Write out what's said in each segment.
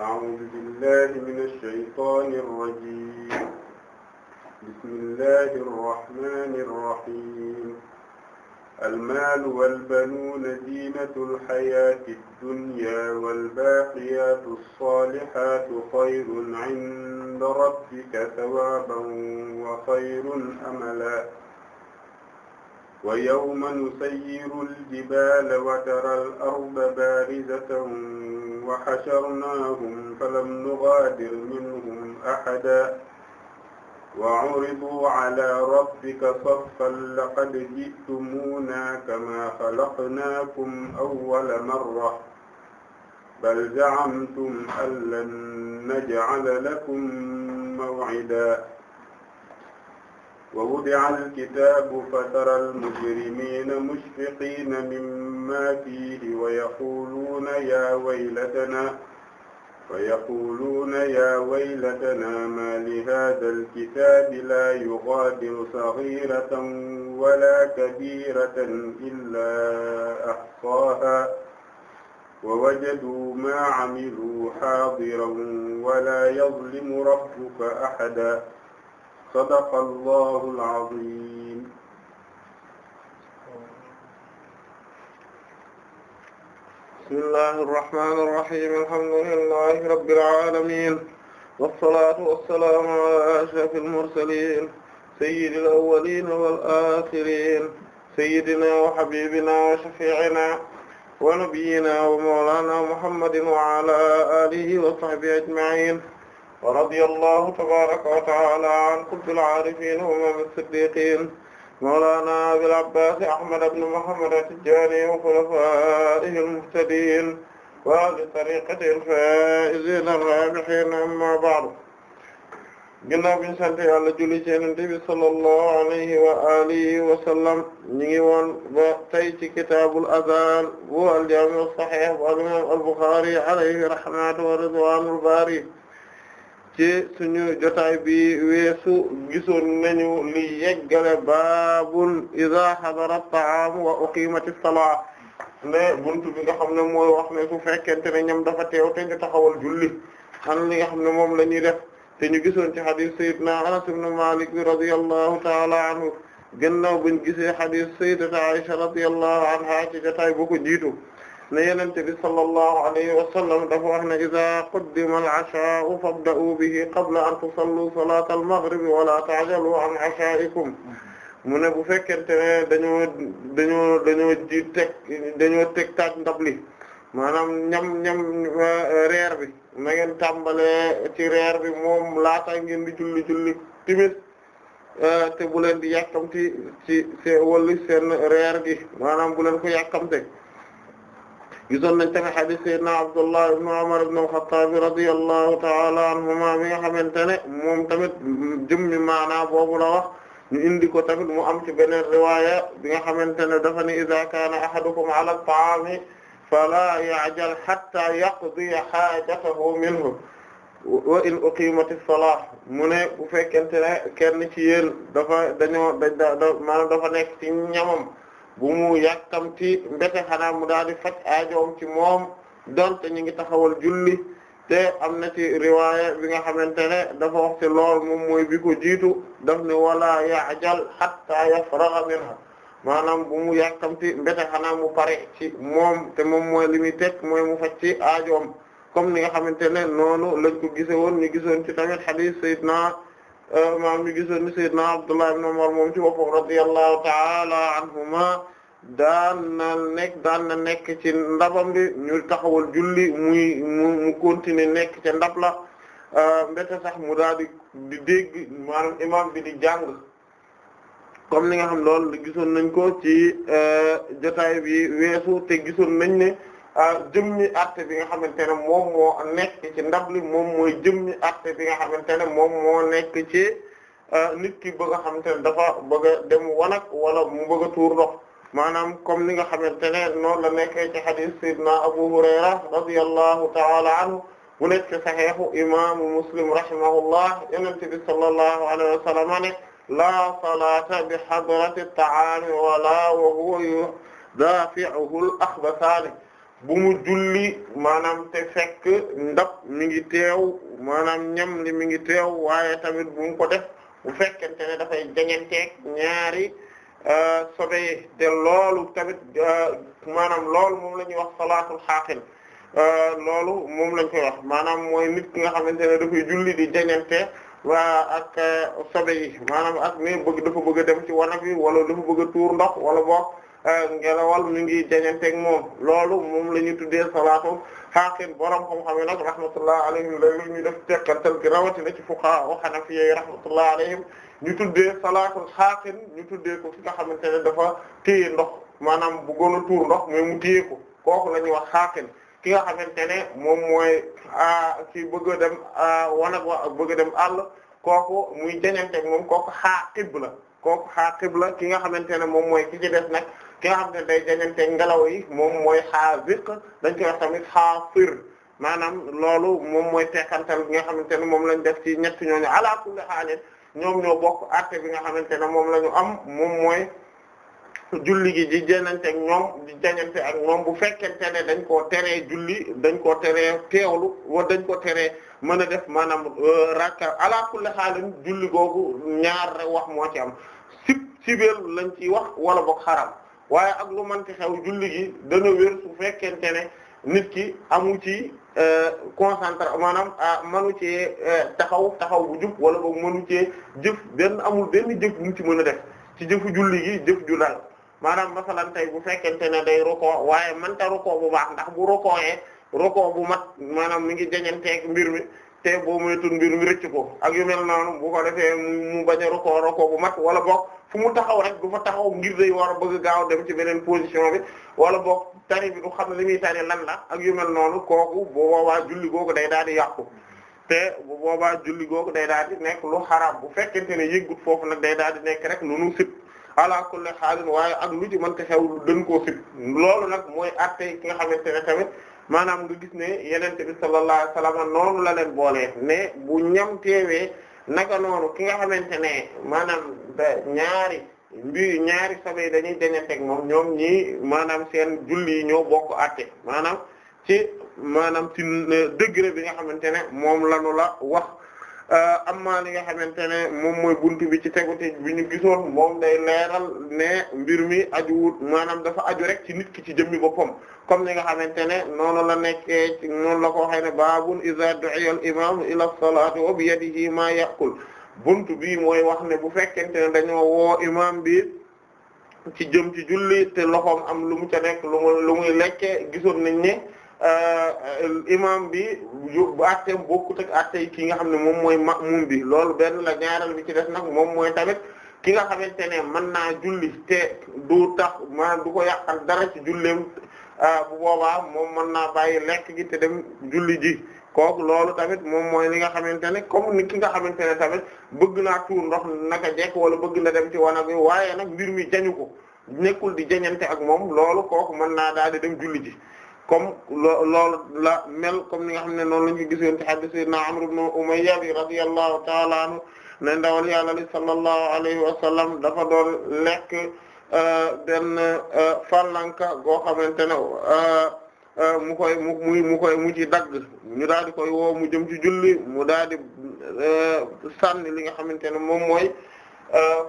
أعوذ بالله من الشيطان الرجيم بسم الله الرحمن الرحيم المال والبنون زينة الحياة الدنيا والباقيات الصالحات خير عند ربك ثوابا وخير أملا ويوم نسير الجبال وترى الأرض بارزة وحشرناهم فلم نغادر منهم أحدا وعرضوا على ربك صفا لقد جئتمونا كما خلقناكم أول مرة بل زعمتم أن لن نجعل لكم موعدا ووضع الكتاب فترى المجرمين مشفقين مما ما فيه ويقولون يا ويلتنا ويقولون يا ويلتنا ما لهذا الكتاب لا يغادر صغيرة ولا كبيرة إلا أحصاها ووجدوا ما عملوا حاضرا ولا يظلم ربك أحدا صدق الله العظيم bismillahir rahmanir rahim alhamdulillahi rabbil alamin wassalatu wassalamu ala ashrafil mursalin sayyidil awwalin wal akhirin sayyidina wa habibina wa shafi'ina wa nabiyyina wa mawlana muhammadin wa ala alihi wa sahbihi ajma'in wa radiyallahu tabaraka wa ta'ala an qutbil arifin wa ma'as siddiqin mawlana abil abbas ahmad ibn muhammad at-tijani wa khulafaihi al-muhtadin wa ahli tariqatihi al-faizin ar-rabihin amma ba'du ginnaaw bi ñu sant yàlla julli ci Yonent bi sallallahu alayhi wa alihi wa sallam ñu ngi woon ba tey ci kitaabul azaan bu al-jaami' as-sahih bu al-imam al-Bukhari alayhi rahmatu wa ridwanul baari ci suñu jotaay bi weesu gisoon nañu li yeggale baabul iza hadara ta'am wa uqimatis salat ne buntu bi nga xam ne mooy wax ne su fekkente ne ñam dafa teew te ñu taxawal julli an li nga xam ne moom la ñuy def te ñu gisoon ci hadith sayyidina Anas ibn Malik bi radiyallahu ta'ala anhu gannaaw buñ gisee hadith sayyidata Aisha radiyallahu anha ci jotaay bu jiitu ne yenente bi sallallahu alayhi wa sallam dafa wax ne iza quddima al-ashaa'u fabda'u bihi qabla an tusallu salata al-maghrib wa la ta'jalu an ashaa'ikum mu ne bu fekkente ne dañoo dañoo dañoo ji teg dañoo teg taaj ndab li maanaam ñam ñam euh, reer bi na ngeen tàmbalee ci reer bi moom laata ngeen di julli julli timis euh, te bu leen di yàkkamti ci seen wàllu seen reer gi maanaam bu leen ko yàkkamte gisoon nañ tamit hadith sayyidina Abdullah ibn Umar ibn al-Khattab radiyallahu ta'ala anhuma mi nga xamante ne moom tamit jëmmi maanaa boobu la wax ñu indi ko tamit mu am ci beneen riwaaya bi nga xamante ne dafa ni idha kana ahadukum ala at-ta'ami fala ya'jal hatta yaqdi haajatahu minhu wa in uqimati salah mu ne bu fekkente ne kenn ci yéen dafa dañoo da da maanaam dafa nekk ci ñamam bu mu yàkkamti mbete xanaa mu daal di faj aajoom ci moom donte ñu ngi taxawal julli te am na ci riwaaya bi nga xamante ne dafa wax ci lool moom mooy bi jiitu daf ne wala yaajal hatta yafraga minha maanaam bu mu yàkkamti mbete xanaa mu pare ci moom te moom mooy li muy teg mooy mu faj ci aajoom comme ni nga xamante ne noonu lañ ko gise woon ñu gisoon ci tamit hadith sayyidna maa ngi gisoon ni Seydina Abdullah ibn Umar moom ci boppam radiyallahu ta'ala anhuma daan na nekk daan na nekk ci ndabam bi ñu taxawul julli muy mu mu nekk ca ndab la euh, mbete sax mu daal di di dégg maanaam imam bi di jàng comme ni nga xam loolu gisoon nañ ko ci euh, jotaay bi weesu te gisoon nañ ne jëmmi atte bi nga xamante ne moom moo nekk ci ndab li moom mooy jëmmi atte bi nga xamante ne moom moo nekk ci nit ki bëgg a xamante ne dafa bëgg a dem wanag wala mu bëgg a tuur ndox maanaam comme ni nga xamante ne noonu la nekkee ci hadith sayyidina Abu Hurayra radiyallahu ta'ala anhu bu nekk ci saxiixu imaamu Muslim rahimahullah yonent bi sallallahu alayhi wa sallam ne laa salaata bi hadrati ta'aami wala wa huwa yudaafi'uhu al-akhbathaani bu mu julli maanaam te fekk ndab mi ngi teew maanaam ñam li mi ngi teew waaye tamit bu mu ko def bu fekkente ne dafay jañanteeg ñaari euh, sobe yi te loolu tamit euh, maanaam lool moom la ñuy wax salaatul xaaqin euh, loolu moom lañ koy wax maanaam mooy nit ki nga xamante ne dafay julli di jañante waa ak sobe yi maanaam ak ne bëgg dafa bëgg a dem ci wanag wi wala dafa bëgg tuur ndox wala boog Euh, ngelawal mu ngi jañanteeg moom loolu moom la ñu tuddee salaatu xaaqin borom xam-xam yi nag rahmatullah alayhim léeg-léeg ñu def tekkatal gi rawatina ci fuqaha wa hanafiyya yi rahmatullah alayhim ñu tuddee salaatul xaaqin ñu tuddee ko ki nga xamante ne dafa téye ndox maanaam bu a tuur ndox mais mu téye ko kooku la ñuy wax xaaqin ki nga xamante ne moom mooy ki bëgg a dem wanag wa bëgg dem àll kooku muy jañanteeg moom kooku xaaqib la kooku xaaqib la ki nga xamante ne moom mooy ki ci des nag ki nga xam ne day jañante ngelaw yi moom mooy xaaziq dañ koy wax tamit xaafir maanaam loolu moom mooy teqantal bi nga xamante ne moom lañ def ci ñett ñooñu ala kulli haal ñoom ñoo bokk àtte bi xamante ne moom la ñu am moom mooy julli gi di te ak ñoom di jañante ak ñoom bu fekkente ne dañ koo teree julli dañ koo tere teewlu wala dañ ko teree mën a def maanaam euh, rakka ala kulli haal julli googu ñaar wax moo ci am sib sibeel lañ ciy wax wala boog xaram waaye ak man ki xew julli gi dana wér su fekkente ne nit ki amu ci euh, concentré maanaam ah, manu cee euh, taxaw taxaw bu jub wala boog manu cee jëf benn amul benn jëf bu ci mën a def ci jëfu julli gi jëf ju dal maanaam masalan bu fekkente ne day roko waaye manta roko bu baax ndax bu rokoyee roko bu mat maanaam mu ngi jañanteeg mbir mi te boo moytuwul mbir mi rëcc ko ak yu mel noonu bu ko defee mu bañ a roko roko bu mat wala boog fu mu taxaw rek du fa taxaw ngir day war a bëgg gaaw dem ci beneen position bi wala boog tari bi du xam li muy tari lan la ak yu mel noonu kooku bu boobaa julli googu day daal di yàqu. te bu boobaa julli googu day daal di nekk lu xaraam bu fekkente ne yëggut foofu nag day daal di nekk rek lu nu sib ala kulli xaalin waaye ak lu ci mënta xew lu dën koo sib loolu nag mooy atte ki nga xamante ne tamit. maanaam nga gis ne yenente bi sallallahu alayhi wasallam noonu la leen boolee ne bu ñam teewee naga noonu ki nga xamante ne maanaam ñaari mbir ñaari sobe dañuy dañanteeg moom ñoom ñi maanaam seen julli yi ñoo bokk àtte maanaam ci maanaam ci euh, degré bi nga xamante ne moom la lanu la wax Euh, amma li nga xamante ne moom mooy buntu bi ci tegute bi ñu gisoon moom day leeral ne mbir mi aju wut maanaam dafa aju rek ci nit ki ci jëmmi boppam comme ni nga xamante ne noonu la nekkee noonu la ko waxee ne baabun iza du'iya al imam ila as-salati bi yadihi ma yaqul buntu bi mooy wax ne bu fekkente ne dañoo woo imam bi ci jëm ci julli te loxoom am lu mu ca nekk lu mu muy lekkee gisoon nañ ne Euh, euh, imam bi bu àtteem bokkut ak àtte ki nga xam ne moom mooy ma'mum bi loolu benn la ñaareel bi ci def nag moom mooy tamit ki nga xamante ne mën naa julli te du tax maanaam du ko yàqal dara ci julleem euh, bu boobaa moom mën naa bàyyi lekk gi te dem julli ji kook loolu tamit moom mooy li nga xamante ne comme ni ki nga xamante ne tamit bëgg naa tuur ndox naka jekk wala bëgg na dem ci wanag bi waaye nag mbir mi jañu ko nekkul di jañante ak moom loolu kook mën naa daal dem julli ji comme loolu la mel comme ni nga xam ne noonu la ñu ko gisoon ci hadith sayyidina Amr ibn Umayya radiyallahu ta'ala anhu ne ndawal yàlla li sallallahu alayhi wa sallam dafa doon lekk euh, benn euh, fàllanka goo xamante ne euh, mu koy mu muy mu koy mu ci dagg ñu daal di koy woo mu jëm ci julli mu daal di sànni li nga xamante ne moom mooy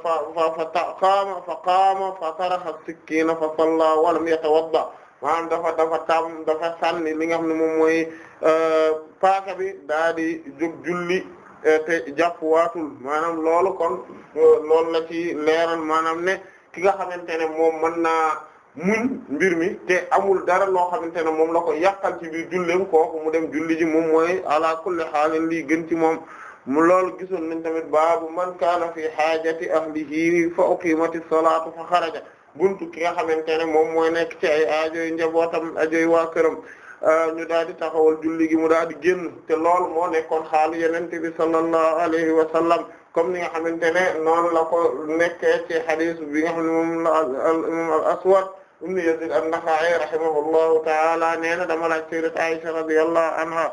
fa fa fa qaama fa qaama fa taraxa sikkiina fa salla walam yatawadda maanaam dafa dafa tam dafa sànni li nga xam ne moom mooy euh, paaka bi daa di jóg julli euh, te jàpp waatul maanaam loolu kon euh, lool la ci leeral maanaam ne ki nga xamante ne moom mën naa muñ mbir mi te amul dara loo xamante ne moom la ko yàqal ci biir julleem kooku mu dem julli ji moom mooy ala kulli xaalin lii gën ci moom mu lool gisoon nañ tamit baabu man kaana fi xaajati ahlihi fa uqiimati salaatu fa xaraja buntu ki nga xamante ne moom mooy nekk ci ay aajoy njabootam aajoy waa këram euh, ñu daal di taxawal julli gi mu daal di génn te loolu moo nekkoon xaalu yenente bi sallallahu alayhi wa sallam comme ni nga xamante ne noonu la ko nekkee ci hadith bi nga xam ne moom la al imam al aswad ibn yazid an-naxa'i rahimahullahu taala nee na dama laaj sayyidat aisha radiyallahu anha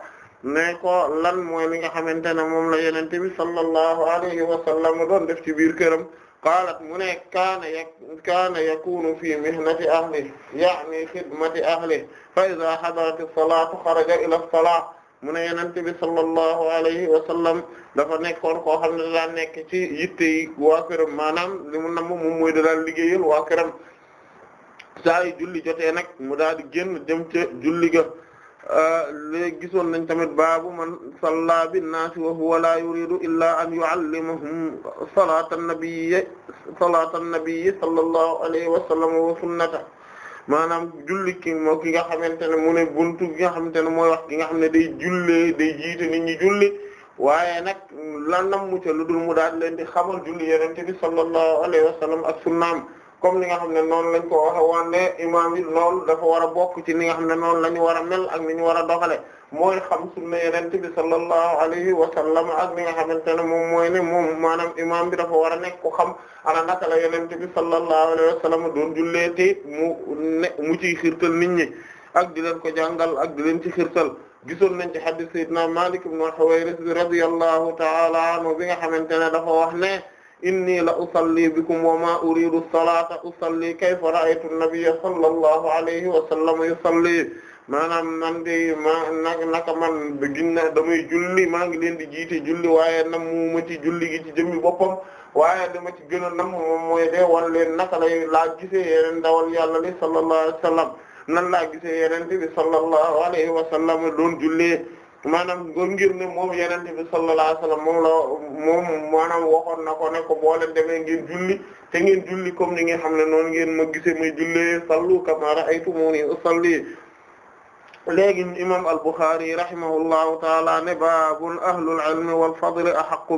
ne ko lan moo li nga xamante ne moom la yenente bi sallallahu alayhi wa sallam doon def ci biir këram qaalat mu ne kaana ya kaana yakunu fi mihnati ahli yaani xidmati ahli fa iza hadarat as-salaatu xaraja ila as-salaat mu ne Yonent bi sallallahu alayhi wa sallam dafa nekkoon koo xam ne da daan nekk ci yitte yi waa këram maanaam li mu namm moom mooy da daan liggéeyal waa këram saa yu julli jotee nag mu daal di génn dem ca julli ga Euh, léegi gisoon nañ tamit baabu man salla binnaasi wa huwa la yuridu illa an yuallimahum salaata nabiyyi salaata nabiyyi sallallahu alayhi wa sallam wa sunnata maanaam julli ki moo ki nga xamante ne mu ne buntu nga xamante ne mooy ki nga xam ne day jullee day jiite nit ñi julli waaye nag lan mu ca lu dul mu daal leen di xamal julli yenente bi sallallahu alayhi wa sallam ak sunnaam comme ni nga xam ne noonu lañ ko waxe woon ne imaam yi loolu dafa war a bokk ci ni nga xam ne noonu la ñu war a mel ak ni ñu war a doxale mooy xam sunna yenente bi sallallahu alayhi wa sallam ak ni nga xamante ne moom mooy ne moom maanaam imaam bi dafa war a nekk ku xam ana naka la yenente bi sallallahu alayhi wa doon julleeti mu ne mu ciy xirtal nit ñi ak di leen ko jàngal ak di leen ci xirtal gisoon nañ ci hadith sayyidina Malik ibn Huwayrith radiyallahu ta'ala bi nga xamante ne dafa wax ne inni la usalli bikum wa ma uridu salata usalli kayfa ra'aytu an-nabiyya alayhi wa sallam yusalli maanaam man de naka man ginna damay julli maa ngi leen di jiite julli waaye nam mu ma ci julli gi ci jëmmi boppam waaye dama ci gën a nam moom mooy de wan naka lay laa gisee yeneen dawal yàlla li sallallahu alayhi wa sallam nan laa maanaam ngir ne moom yenente bi sallallahu wasallam moom la moom waxoon na ko ne ko boo de demee ngeen julli te ngeen julli comme ni nga xam ne noonu ngeen ma gisee may jullee sallu kama ra'aytumuni usalli léegi imam al-Bukhari rahimahullahu taala ne baabun ahlul ilmi wal fadli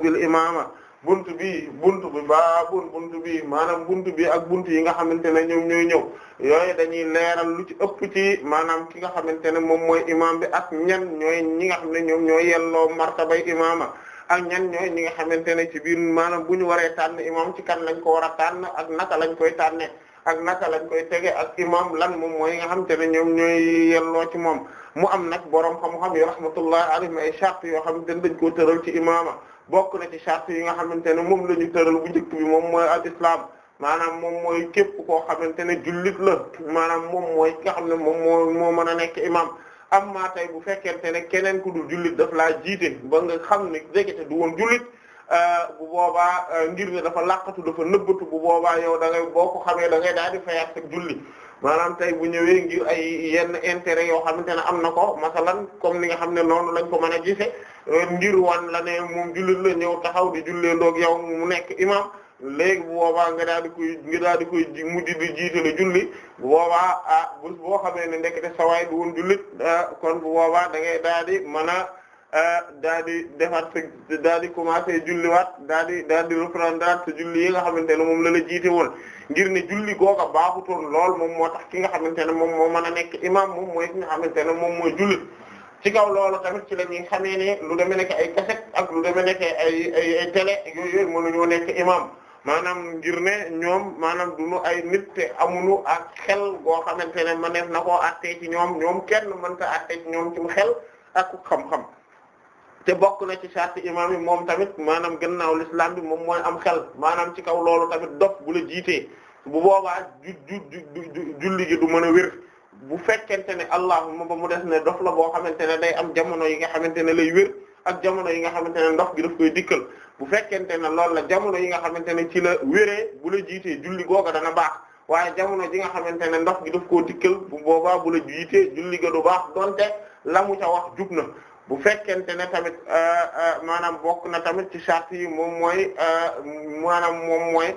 bil imama bunt bi bunt bi baa bunt bi maanaam bunt bi ak bunt yi nga xamante ne ñoom ñooy ñëw yooyu dañuy leeral lu ci ëpp ci maanaam ki nga xamante ne moom mooy imaam bi ak ñan ñooy ñi nga xam ne ñoom ñooy yelloo martabay imaama ak ñan ñooy ñi nga xamante ne ci biir maanaam bu ñu waree tànn imaam ci kan lañ ko war a tànn ak naka lañ koy tànnee ak naka lañ koy tege ak imaam lan moom mooy nga xamante ne ñoom ñooy yelloo ci moom mu am nag boroom xam-xam yo rahmatullah alayhi ay charte yoo xam ne dañ koo tëral ci imaama bokk na ci charte yi nga xamante ne moom la ñu tëral bu njëkk bi moom mooy al islam maanaam moom mooy képp koo xamante ne jullit la maanaam moom xam ne moom moo moo mën a nekk imam amma tey bu fekkente ne keneen ku dul jullit daf laa jiite ba nga xam ne dégete du woon jullit euh, bu boobaa euh, ngir ne dafa laqatu dafa nëbbatu bu boobaa yow da ngay boo ko xamee da ngay daal di fayaat ak julli maanaam tey bu ñëwee ngir ay yenn intérêt yoo xamante ne am na ko masalan comme ni nga xam ne noonu lañ ko mën a gise euh, ngir wan la ne moom jullit la ñëw taxaw di jullee ndoog yow mu nekk imam léegi bu boobaa nga daal di koy nga daal di koy mujj di jiitale julli bu boobaa a ah, bés boo xamee ne ndekete sawaay du woon jullit ah, kon bu boobaa da ngay daal di mën a ah, daal di defar daal di commencer julliwaat daal di daal di reprendre sa julli yi nga xamante ne moom la la jiite woon ngir ne julli googa baaxutoon lool moom moo tax ki nga xamante ne moom moo mën a nekk imam moom mooy ki nga xamante ne moom mooy julli ci kaw loolu tamit ci la ñuy xamee ne lu demee nekk ay cassette ak lu demee nekk ay ay ay télé yooyu yëpp mënuñoo nekk imam maanaam ngir ne ñoom maanaam duñu ay nit te amuñu ak xel goo xamante ne ma neef na koo àttee ci ñoom ñoom kenn man ta ci ñoom ci mu xel ak xam-xam. te bokk na ci charte imam yi moom tamit maanaam gannaaw l'islam bi moom mooy am xel maanaam ci kaw loolu tamit dof bu la jiitee bu boobaa ju ju julli du mën a wér bu fekkente ne allahumma ba mu des ne dof la boo xamante ne day am jamono yi nga xamante ne lay wér ak jamono yi nga xamante ne ndox gi daf koy dikkal bu fekkente ne loolu la jamono yi nga xamante ne ci la wéree bu la jiitee julli googa dana baax waaye jamono ji nga xamante ne ndox gi daf koo dikkal bu boobaa bu la jiitee julli ga du baax donte la mu ca wax jub na bu fekkente ne tamit euh, euh, maanaam bokk na tamit ci charte yi moom mooy euh, maanaam moom mooy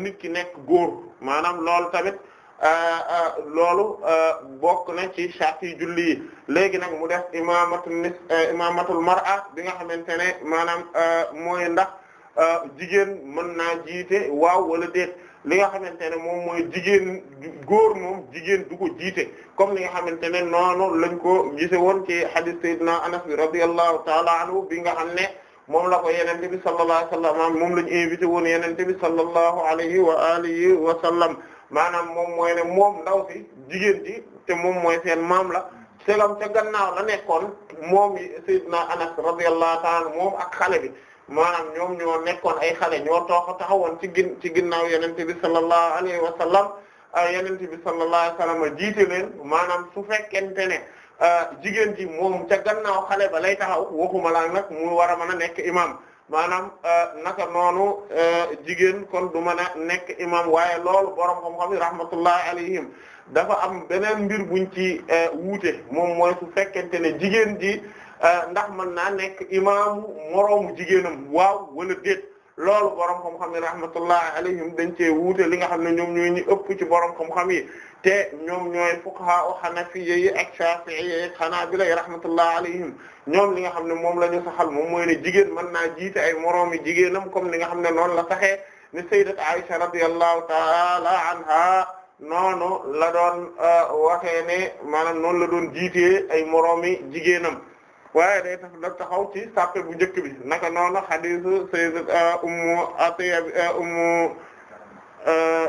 nit ki nekk góor maanaam loolu tamit loolu bokk na ci charte yi julli yi léegi nag mu def imamatul nis imamatul mar'a bi nga xamante ne maanaam mooy ndax jigéen mën naa jiite waaw wala déet li nga xamante ne moom mooy jigéen góor moom jigéen du ko jiite comme li nga xamante ne noonu lañ ko gise woon ci hadith sayyidina Anas bi radiyallahu ta'ala anhu bi nga xam ne moom la ko yenente bi sallallahu alayhi wa sallam moom lañ invité woon yenente bi sallallahu alayhi wa alihi wa sallam maanaam moom mooy ne moom ndaw si jigéen ji te moom mooy seen maam la selam ca gannaaw la nekkoon moom sayyidina Anas radiyallahu ta'ala moom ak xale bi maanaam ñoom ñoo nekkoon ay xale ñoo toox taxawoon ci gin ci ginnaaw yenente bi sallallahu alayhi wa sallam yenente bi sallallahu alayhi wa sallam jiite leen maanaam su fekkente ne euh, jigéen ji moom ca gannaaw xale ba lay taxaw waxuma laa nag mu war a mën a nekk imam maanaam euh, naka noonu euh, jigéen kon du mën a nekk imam waaye lool borom xam-xam yi alayhim dafa am beneen mbir buñ ci wuute moom mooy su fekkente ne jigéen ji Euh, ndax mën naa nekk imaamu moroomu jigéenam waaw wala déet loolu borom xam-xam yi rahmatullahi alayhim dañ cee wuute li nga xam ne ñoom ñooy ñu ëpp ci boroom xam-xam yi te ñoom ñooy fuqaha o hanafiyya yi ak shafi'iyya yi hanabila yi rahmatullahi alayhim ñoom li nga xam ne moom la ñu saxal moom mooy ne jigéen man naa jiite ay moroomi jigéenam comme li nga xam ne noonu la saxee ni sayyidat Aisha radiyallahu ta'ala anha noonu la doon euh, waxee ne maanaam noonu la doon jiitee ay moroomi jigéenam waaye day tax da taxaw ci sàppe bu njëkk bi naka noonu xadiisu sayyidat uh, ummu atiya uh, ummu uh,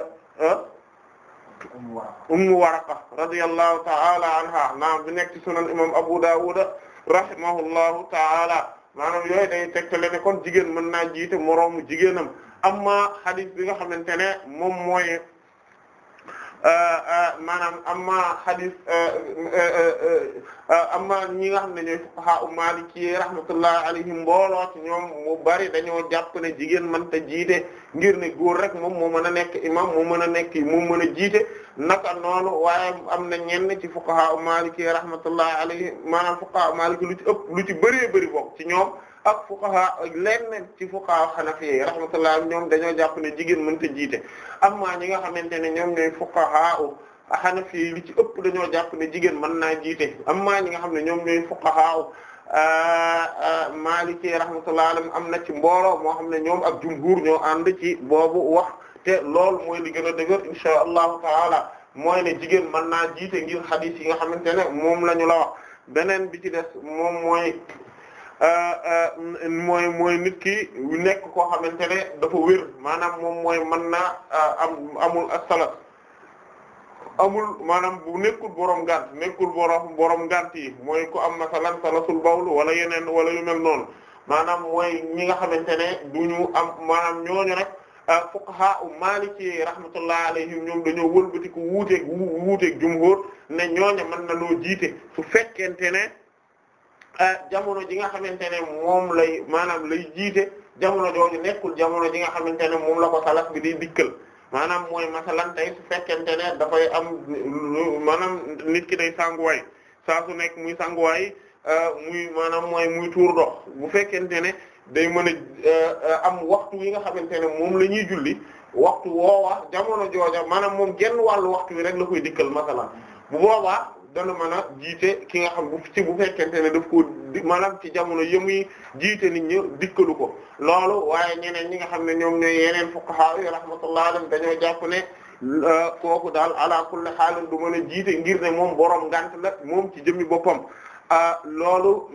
ummu waraqa radiyallahu ta'ala anha bi nekk ci sunan imam abu dawud rahimahullahu ta'ala maanaam yooyu day tegtale ne jigéen mën naa jiite moroomu jigéenam amma xadiis bi nga xamante ne moom mooy Euh, euh, maanaam amma hadith euh, amma ñi nga xam ne ñooy fuqaha maliki rahmatullahi alayhim mbooloo ci ñoom mu bari dañoo jàpp ne jigéen man ta jiite ngir ne góor rek moom moo mën a nekk imam moo mën a nekk moo mën a jiite naka noonu waaye am na ñenn ci fuqaha maliki rahmatullahi alayhim maanaam fuqaha maliki lu ci ëpp lu ci bëree bëri bokk ci ñoom ak fuqaha lenn ci fuqaha hanafi rahmatullah ñoom dañoo jàpp ne jigéen mënut a jiite amma ñi nga xamante ne ñoom ñooy fuqaha hanafi li ci ëpp dañoo jàpp ne jigéen mën naa jiite amma ñi nga xam ne ñoom ñooy fuqaha ah, ah, maliki rahmatullah am na ci mbooloo moo xam ne ñoom ak jumhur ñoo ànd ci boobu wax te loolu mooy li gën a dëgër insha allahu taala mooy ne jigéen mën naa jiite ngir hadith yi nga xam xamante ne moom lañu ñu la beneen bi ci des moom mooy Euh, euh, mooy mooy nit ki nekk koo xamante ne dafa wér maanaam moom mooy mën na euh, am amul as-salat amul maanaam bu nekkul borom gàtt nekkul borom borom gàtt yi mooy ku am masalan salasul bawl wala yeneen wala yu noonu maanaam mooy ñi nga xamante ne du ñu am maanaam ñooñu rek fuqaha u maliki rahmatullah alayhim ñoom dañoo wëlbati ku wuuteeg wuuteeg jumhur ne ñooñu mën na noo jiite su fekkente ne. Eh, jamono ji nga xamante ne moom lay maanaam lay jiite jamono jooju nekkul jamono ji nga xamante ne moom la ko salaf bi di dikkal maanaam mooy masalan fekkente ne dafay am maanaam nit ki day sanguwaay saa su nekk muy sanguwaay eh, muy maanaam mooy muy bu fekkente ne day mën a eh, am waxtu yi nga xamante ne moom la ñuy julli waxtu woowa jamono jooja maanaam moom genn wàllu waxtu wi rek la koy dikkal masalan bu boobaa dana mën a jiite ki nga xam ci bu fekkente ne daf koo maanaam ci jamono yëmuy jiite nit ñi dikkalu ko loolu waaye ñeneen ñi nga xam ne ñoom ñooy yeneen fuqaha yi rahmatullahi alayhim dañoo euh, kooku daal ala kulli du mën a jiite ngir ne moom borom ngant la moom ci jëmmi boppam euh, loolu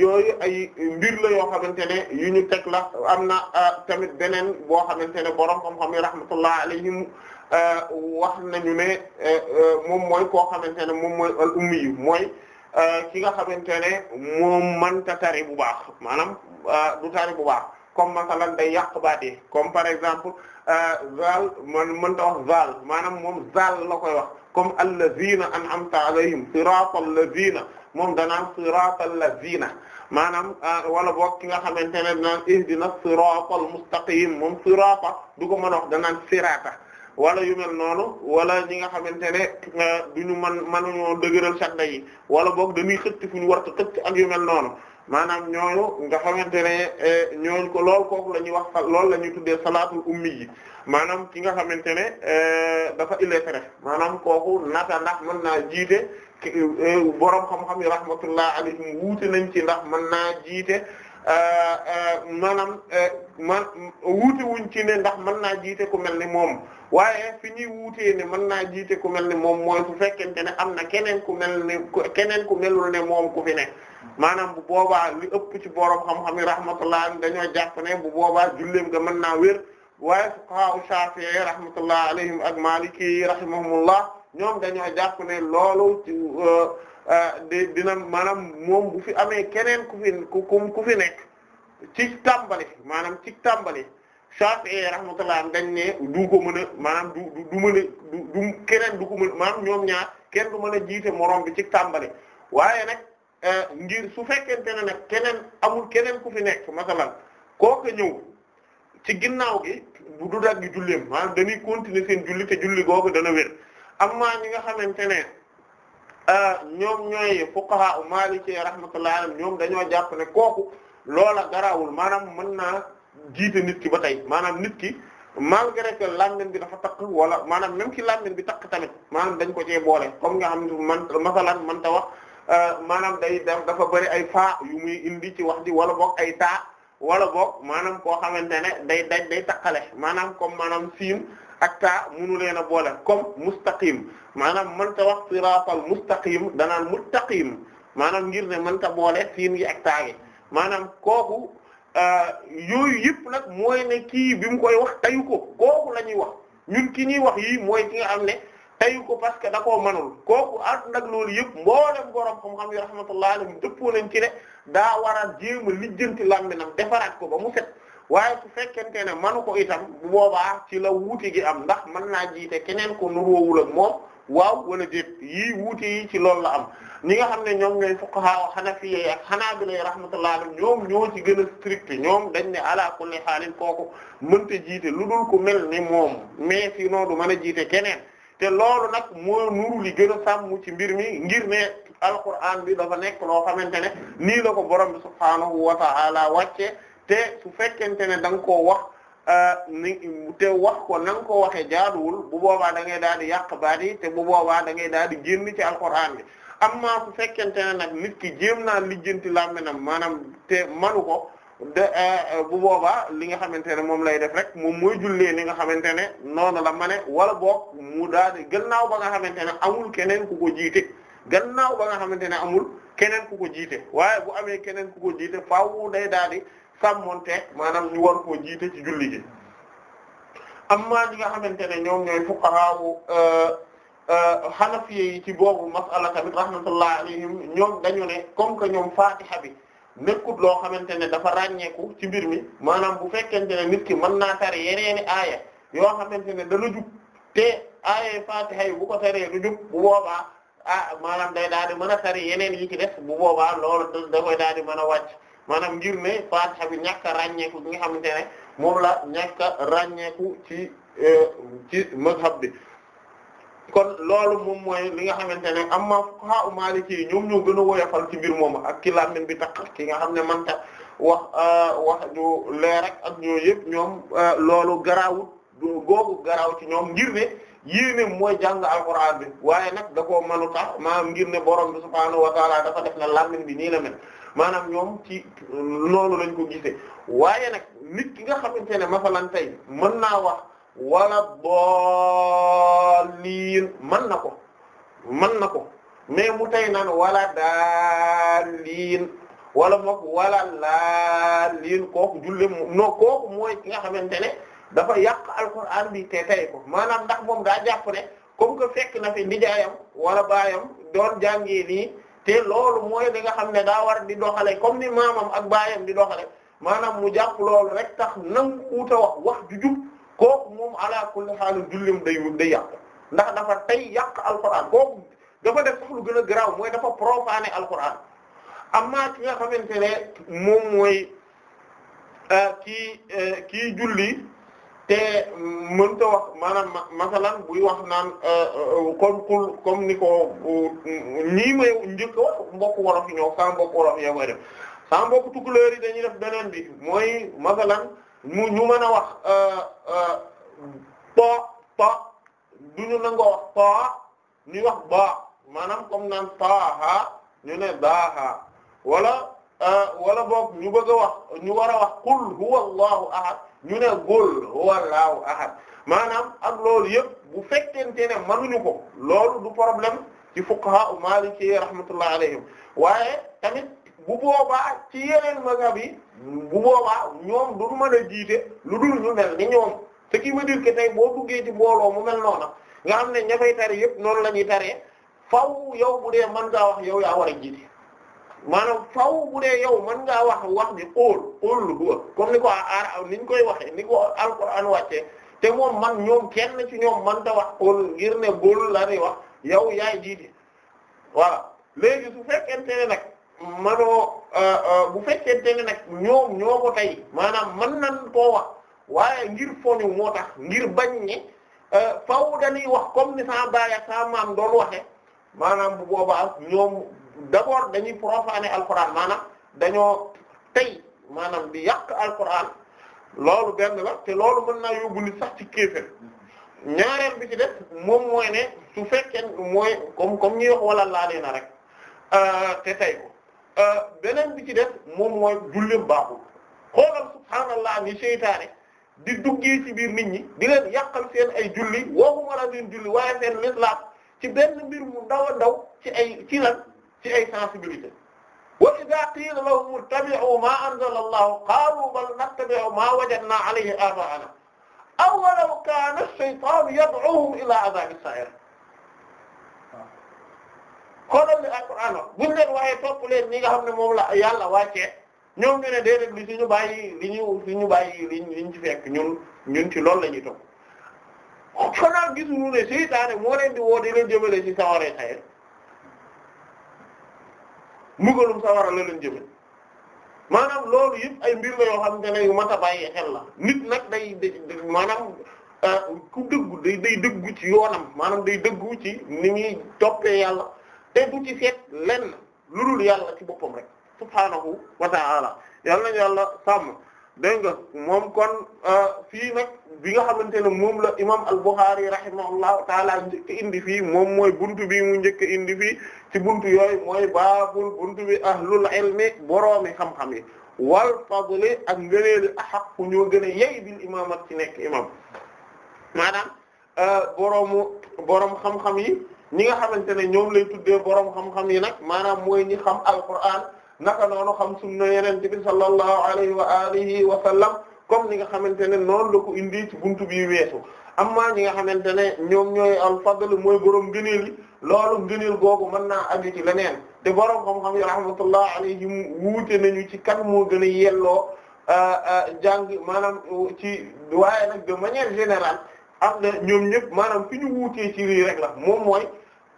yooyu ay mbir la yoo xamante ne yu ñu teg la am na euh, tamit beneen boo xamante ne borom xam-xam yi rahmatullahi Euh, wax nañu ne euh, euh, moom mooy koo xamante ne moom mooy al mooy ki nga xamante ne moom manta tari bu baax maanaam du tari bu baax comme masalan day yàq baat yi comme par exemple zal man mënta wax zal maanaam moom zal la koy wax comme allazina an'amta alayhim siratal lazina moom danaan siratal lazina maanaam wala boog ki nga xamante ne danaan ihdina siratal mustaqim moom sirata du ko mën a wax danaan sirata wala yu mel noonu wala ñi nga xamante ne euh, duñu man manuñoo dëgëral satna yi wala boog dañuy xëcc fu ñu warta xëcc ak yu mel noonu maanaam ñooñu nga xamante ne euh, ñooñ ko lool kooku la ñuy wax loolu la ñuy tuddee salaatul ummi yi maanaam ki nga xamante ne euh, dafa illettré maanaam kooku nata ndax mën naa jiite boroom xam-xam yi rahmatullah alayhim wuute nañ ci ndax mën naa jiite maanaam man wuute wuñ ci ne ndax mën naa jiite ku mel ni moom waaye fi ñuy wuutee ne mën naa jiite ku mel ne moom mooy su fekkente ne am na keneen ku mel ne keneen ku melul ne moom ku fi maanaam bu boobaa li ëpp ci borom xam-xam yi rahmatullah dañoo jàpp ne bu boobaa julleem ga mën naa wér waaye fuqaha Shafi'i rahmatullah alayhim ak Maliki rahimahumullah ñoom dañoo jàpp ne loolu ci euh, euh, dina maanaam moom bu fi amee keneen ku fi ku ku fi nekk ci tàmbali maanaam ci tàmbali. Shafi'i eh, rahmatullah dañ ne du ko mën a maanaam du du du du keneen du ko mën maanaam ñoom ñaar kenn du mën a jiite morom bi ci tàmbali waaye nag eh, ngir su fekkente ne nag keneen amul keneen ku fi nekk masalan kooku ñëw ci ginnaaw gi du du dagg julleem maanaam dañuy continuer seen julli te julli googu dana wér amma ñi nga xamante ne eh, ñoom ñooy fuqaha Maliki rahmatullah ñoom dañoo jàpp ne kooku loola garaawul maanaam mën naa. jiite nit ki ba tey maanaam nit ki malgré que làmmiñ bi dafa takk wala maanaam même ki làmmiñ bi takk tamit maanaam dañ ko cee boole comme nga xam ne man masalan man ta wax euh, maanaam day dafa bari ay faa yu muy indi ci wax ji wala boog ay taa wala boog maanaam koo xamante ne day daj day takkale maanaam comme maanaam siin ak taa munu leen a boole comme mustaqim maanaam man ta wax siraatal mustaqim danaan muttaqim maanaam ngir ne man ta boole siin gi ak taa gi maanaam kooku Euh, yooyu yëpp nag mooy ne kii bi mu koy wax tayu ko kooku la ñuy wax ñun ki ñuy wax yii mooy ki nga am ne tayu ko parce que da koo manul kooku ànd ak loolu yëpp mboolem borom xam-xam yi rahmatullah alayhim dëppoo nañ ci ne daa war a jéem a lijjanti làmminam defaraat ko ba mu set waaye su fekkente ne manu ko itam bu boobaa ci la wuute gi am ndax mën naa jiite keneen ko nuroowul ak moom waaw wala déet yii wuute yi ci loolu la am ni nga xam ne ñoom ñooy fuqaha hanafiyya ak hanabila rahmatullah alayhim ñoom ñoo ci gën a strict ñoom dañ ne ala kulli haalin kooku mënta jiite lu dul ku mel ni moom mais sinon du mën a jiite keneen te loolu nag moo nuru li gën a sàmm ci mbir mi ngir ne alquran bi dafa nekk loo xamante ne nii la ko borom bi subhaanahu wa ta'ala te su fekkente ne da nga koo wax euh, ni te wax ko na nga ko waxee jaaduwul bu boobaa da ngay daal di yàq baat yi te bu boobaa da ngay daal di génn ci alquran bi amma bu fekkente ne nag nit ki jéem naa lijjanti làmmiñam maanaam te manu ko euh, bu boobaa li nga xamante ne moom lay def rek moom mooy jullee ni nga xamante ne noonu la ma ne wala boog mu daal di gannaaw ba nga xamante ne amul keneen ku ko jiite gannaaw ba nga xamante ne amul keneen ku ko jiite waaye bu amee keneen ku ko jiite faaw day daal di sàmmonte maanaam ñu war koo jiite ci julli gi amma ñi nga xamante ne ñoom ñooy Euh, Hanafi yi ci boobu masala tamit rahmatullahi alayhim ñoom dañu ne comme que ñoom Fatiha bi nekkut loo xamante ne dafa ràññeeku ci mbir mi maanaam bu fekkente ne nit ki mën naa tari yeneeni aaya yoo xamante ne dana jub te aaya Fatiha bu ko taree du bu boobaa ah maanaam day daal mën a tari yeneen yi ci des bu boobaa loolu da koy daal di mën a wàcc maanaam ngir ne Fatiha bi ñàkk ràññeeku bi nga xamante ne moom la ñàkk ràññeeku ci euh, ci mazhab bi kon loolu moom mooy li nga xamante ne am amma fuqaha maliki ñoom ñoo gën a woyofal ci mbir moom ak ki làmmiñ bi tax ki nga xam ne man tax wax euh, wax ju leer ak ñoo yëpp ñoom euh, loolu garaawut googu garaaw ci ñoom ngir ne yéene mooy jàng alxuraan bi waaye nag da koo mënu tax maanaam ngir ne borom bi subhaanahu wa taala dafa def na làmmiñ bi nii la mel maanaam ñoom ci loolu lañ ko gisee waaye nag nit ki nga xamante ne masalan tey mën naa wax. wala daalliin mën na ko mën na ko mais mu tey naan wala daalliin wala mook wala laalliin kooku julle no kooku mooy ki nga xamante ne dafa yàq alquran bi te tey ko maanaam ndax moom daa jàpp ne comme que fekk na fi ndijaayam wala baayam doon jàngee nii te loolu mooy li nga xam ne daa war di doxale comme ni maamam ak baayam di doxale maanaam mu jàpp lool rek tax nangu uta wax wax kooku moom ala kulli xaal jullim day day ndax dafa tey yàq alquran kooku dafa def sax lu gën a garaaw mooy dafa profané alquran amma ki nga xamante ne moom mooy kii euh, kii euh, julli te ta wax maanaam masalan buy wax naan euh, kon kul comme ni ko ñii njëkk wax mbokk wolof yi ñoo saa mbokk wolof yi ñoo koy def saa mbokk tukulóor yi dañuy def beneen bi mooy masalan ñu mën a wax to euh, to euh, du ñu nangoo wax to ñu wax ba maanaam comme naan taaha ñu ne daaha wala euh, wala ñu bëgg a wax ñu war a wax qul huwa allahu ahad ñu ne qul huwa allahu ahad maanaam ak loolu yëpp bu fekkente ne mënuñu ko loolu du problème ci fuqaha u maliki rahmatullah alayhim waaye tamit bu boobaa ci yeneen mazhab bi bu boobaa ñoom duñu mën a jiite lu dul ñu mel ni ñoom ce qui veut dire que tey boo duggee ci mbooloo mu mel noona nga xam ne ña fay tare yëpp noonu la ñuy taree faw yow bu dee man ngaa wax yow yaa war a jiite maanaam faw bu dee yow man ngaa wax wax bi óol óol lu duwa comme ni ko aar ni ñu koy waxee ni ko alquran wàccee te moom man ñoom kenn ci ñoom man ta wax óol ngir ne bóol la ñuy wax yow yaay jiite voilà léegi su fekkente ne nag manoo euh, euh, bu fekkente ne nag ñoom ñoo ko tey maanaam man nan koo waaye ngir foñu moo tax ngir bañ ne euh, faw dañuy wax comme ni sa baay ak sa maam doon waxe maanaam bu boobaa ñoom d'abord dañuy profaner alquran maanaam dañoo tey maanaam bi yàq alquran loolu benn la te loolu mën naa yóbbu nit sax ci kéefër ñaareel bi ci def moom mooy ne su fekkee mooy comme comme ñuy wax wala laalee na rek te tey ko Euh, beneen bi ci def moom mooy julleem baaxul xoolal subhaanallah ni seytaane di duggee ci biir nit ñi di leen yàqal seen ay julli wooku war a seen julli waaye seen lislaam ci benn mbir mu ndaw a ndaw ci ay ci lan ci ay sensibilité wa idha qila lahum ittabi'u ma anzala allahu qalu bal nattabi'u ma wajadna alayhi aba'ana aw law kana ash-shaytanu yad'uhum ila adhabi as-sa'ir xoolal li alquran wax buñ leen waaye topp leen ñi nga xam ne moom la yàlla wàccee ñoom ñu ne déedéet li suñu bàyyi li ñu li ñu bàyyi li ñu ci fekk ñun ñun ci loolu la ñuy topp xanaa gisuñu ne seytaane moo leen di woo di leen jëmale ci sawaree xayal mugalum sawara la leen jëmale maanaam loolu yëpp ay mbir la yoo xam ne yu mat a bàyyi xel la nit nag day maanaam ah, ku dëggu day day dëggu ci yoonam maanaam day dëggu ci ni muy toppee yàlla te du ci lenn lu dul yàlla ci boppam rek subhaanahu wa ta'ala yàlla nañu yàlla sàmm dégg nga moom kon euh, fii nag bi nga xamante ne moom la imam al-Bukhari rahimahullahu taala njëkk indi fii moom mooy buntu bi mu njëkk indi fii ci buntu yooyu mooy baabul buntu bi ahlul ilmi boroomi xam-xam yi wal fadli ak ngëneeli axaq ku ñoo gën a yey bil imaamat ci nekk imam maanaam euh, boroomu boroom xam yi ñi nga xamante ne ñoom lay tuddee borom xam-xam yi nag maanaam mooy ñi xam alquran naka noonu xam sunna yeneen bi sallallahu alayhi wa alihi wa sallam comme ni nga xamante ne noonu la ko indi ci buntu bi weesu amma ñi nga xamante ne ñoom ñooy mooy borom ngëneel loolu ngëneel googu mën naa aju ci leneen te borom xam-xam yi rahmatullah alayhim wuute nañu ci kan moo gën a euh, euh, jàng maanaam ci waaye nag de manière générale ñëpp maanaam fi ñu wuutee ci lii la moom mooy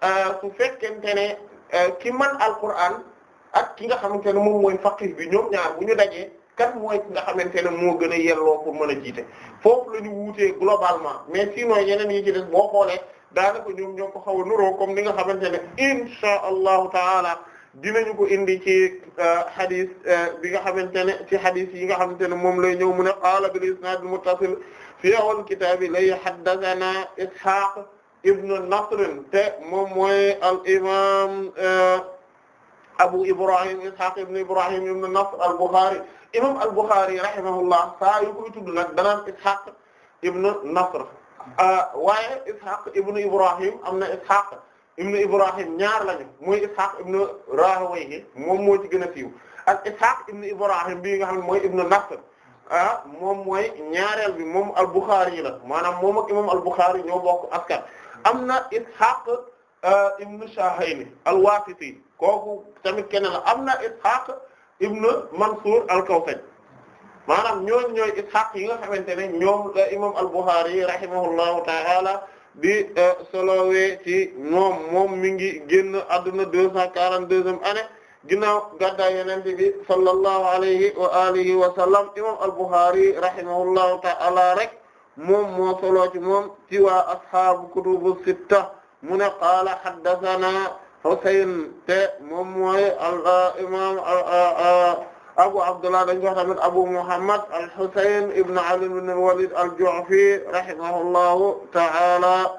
Euh, su fekkente ne euh, ki man alquran ak ki nga xamante ne moom mooy faqih bi ñoom ñaar bu ñu dajee kan mooy ki nga xamante ne moo gën a yelloo pour mën a jiite foofu la ñu wuutee globalement mais sinon yeneen yi ci des boo xoolee daanaka ñoom ñoo ko xaw a nuroo comme ni nga xamante ne insha allahu taala dinañu ko indi ci euh, hadith bi nga xamante ne ci hadith yi nga xamante ne moom lay ñëw mu ne qaala bil isnaad al muttasil fi awwal kitaab lay haddathana ishaq ibnu Nasrin te moom mooy al imaam eh, Abu Ibrahim Ishaq ibn Ibrahim ibn Nasr al Bukhari imaam al Bukhari rahimahullah saa yu koy tudd nag danaan Ishaq ibn Nasr eh, waaye Ishaq ibn Ibrahim am na Ishaq ibn Ibrahim ñaar lañu mooy Ishaq ibn Rahawayhi moom moo ci gën a siiw ak Ishaq ibn Ibrahim bii nga xam ne mooy ibn Nasr ah moom mooy ñaareel bi moom al Bukhari la maanaam moom ak imaam al Bukhari ñoo bokk askan. am na Ishaq euh, ibn Shahayni al-Wasiti kooku tamit keneen la am na Ishaq ibn Mansur al-Kawsaj maanaam ñooñu ñooy Ishaq yi nga xamante ne ñoom la imam al-Bukhari rahimahullahu ta'ala di euh, solowee ci moom moom mi ngi génn adduna deux cent quarante-deuxième année ginnaaw gàddaay yonent bi sallallahu alayhi wa alihi imam al-Bukhari rahimahullahu ta'ala rek moom moo solo ci moom ci waa ashaabu kutubu sitta mu ne qaala haddathana Husayn te moom mooy al uh, imaam uh, uh, Abu Abdullah dañu wax tamit Abu Muhammad al-Husayn ibn Ali ibn al-Walid al-Ju'fi rahimahullahu ta'ala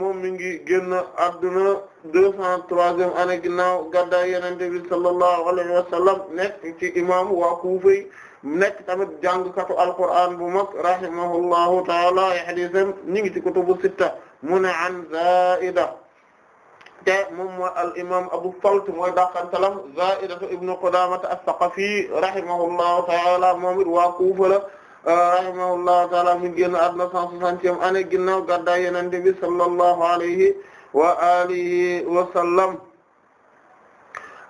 moom mi ngi génn adduna deux cent troisième année ginnaaw gaddaay Yonent bi sallallahu alayhi wa sallam nekk ci imam waa Kuufa nekk tamit jàngkatu alqur'aan bu mag rahimahullahu taala ay hadiisam ñi ngi ci kutubu sitta mu ne an Zaida te moom mooy al imaam Abu Falt mooy daqantalam Zaidatu ibnu Qudaamata as-Saqafi rahimahullahu taala moom it waa Kuufa la rahimahullahu taala mi génn àdduna 160e année ginnaaw gàddaay Yonent bi sallallahu alayhi wa alihi wa sallam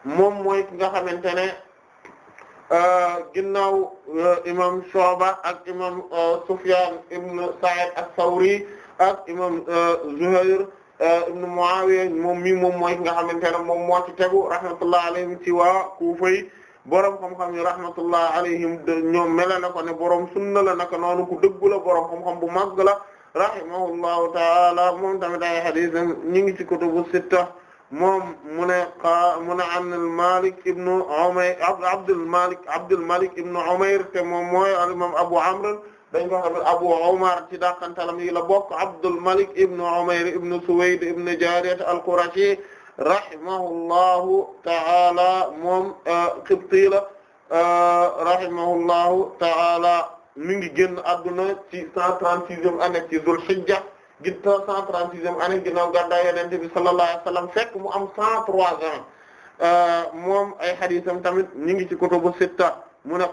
moom mooy ki nga xamante ne. Euh, ginnaaw euh, imam Shu'ba ak imam euh, Sufyan ibn Sa'id as-Sawri ak imam Zuhair ibn Muawiya moom mi moom mooy nga xamante ne moom moo ci tegu rahmatullah alayhim ci waa Kuufay borom xam-xam yi rahmatullah alayhim ñoom mel na ko ne borom sunna la naka noonu ku dëggula la borom xam-xam bu màgg la rahimahullahu ta'ala moom tamit ay hadiis ñu ngi ci kutubu sitta moom mu ne qa mu ne an al-Malik ibn Umayr Abdul Malik Abdul Malik ibn Umayr te moom mooy al-imam Abu Amr dañ ko xam Abu Umar ci dàqantalam yi la bokk Abdul Malik ibn Umayr ibn Suwayd ibn Jariyah al-Qurashi rahimahullahu ta'ala moom Qibti euh, la euh, rahimahullahu ta'ala mi ngi génn adduna ci 136e année ci Dhul Hijja gi cent trente-sixième année ginnaaw gàddaay Yonent bi sallallahu alayhi fekk mu am cent trois ans euh, moom ay hadisam tamit ñu ngi ci kutubu sitta mu ne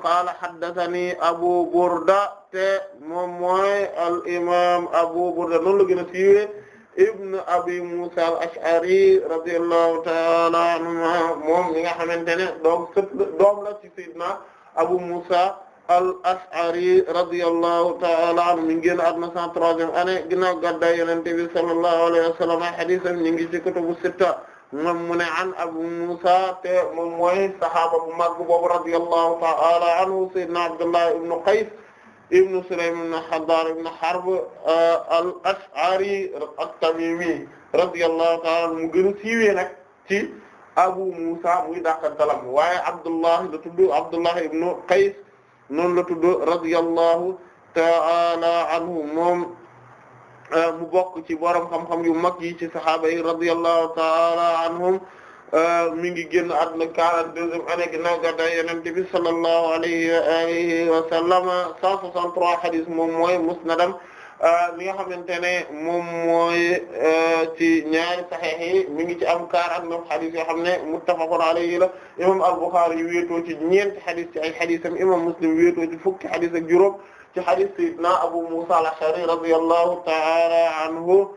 Abu Burda te moom mooy al imam Abu Burda noonu la gën Ibn Abi Musa al-Ash'ari radiyallahu ta'ala anhu moom mi nga xamante ne doom la ci Sayyidina Abu Musa al-Ash'ari radiyallahu ta'ala anhu mi ngi génn àdduna 103e année ginnaaw gàddaay Yonent bi sallallahu alayhi wa sallam hadiisam ñu ngi ci kutubu sitta moom mu ne an Abu Musa te moom mooy saxaaba bu mag boobu radiyallahu ta'ala anhu sayyidina Abdullah ibn Qays ibn Sulaym ibn Haddar ibn Harb euh, al-Ash'ari at-Tamimi radiyallahu ta'ala anhu mu gën a siiwee nag ci Abu Musa muy dàqantalam waaye Abdullah la tudd Abdullah ibn Qays noonu la tudd radiyallahu ta'ala anhu moom euh, mu bokk ci borom xam-xam yu mag yi ci sahaaba yi radiyallahu ta'ala anhum euh, mi ngi génn àdduna 42e année ginnaaw gàddaay Yonent bi sallallahu alayhi wa alihi wa sallama 163 hadith moom mooy musnadam li euh, nga xamante ne moom mooy euh, ci ñaari saxiix yi mi ngi ci am 49 xadis yoo xam ne muttafaqun alayhi la imam al-Bukhari wéetoo ci ñeenti xadis ci ay xadisam imam Muslim wéetoo ci fukki xadis ak juróom ci xadis sayyidina Abu Musa al-Ash'ari radiyallahu ta'ala anhu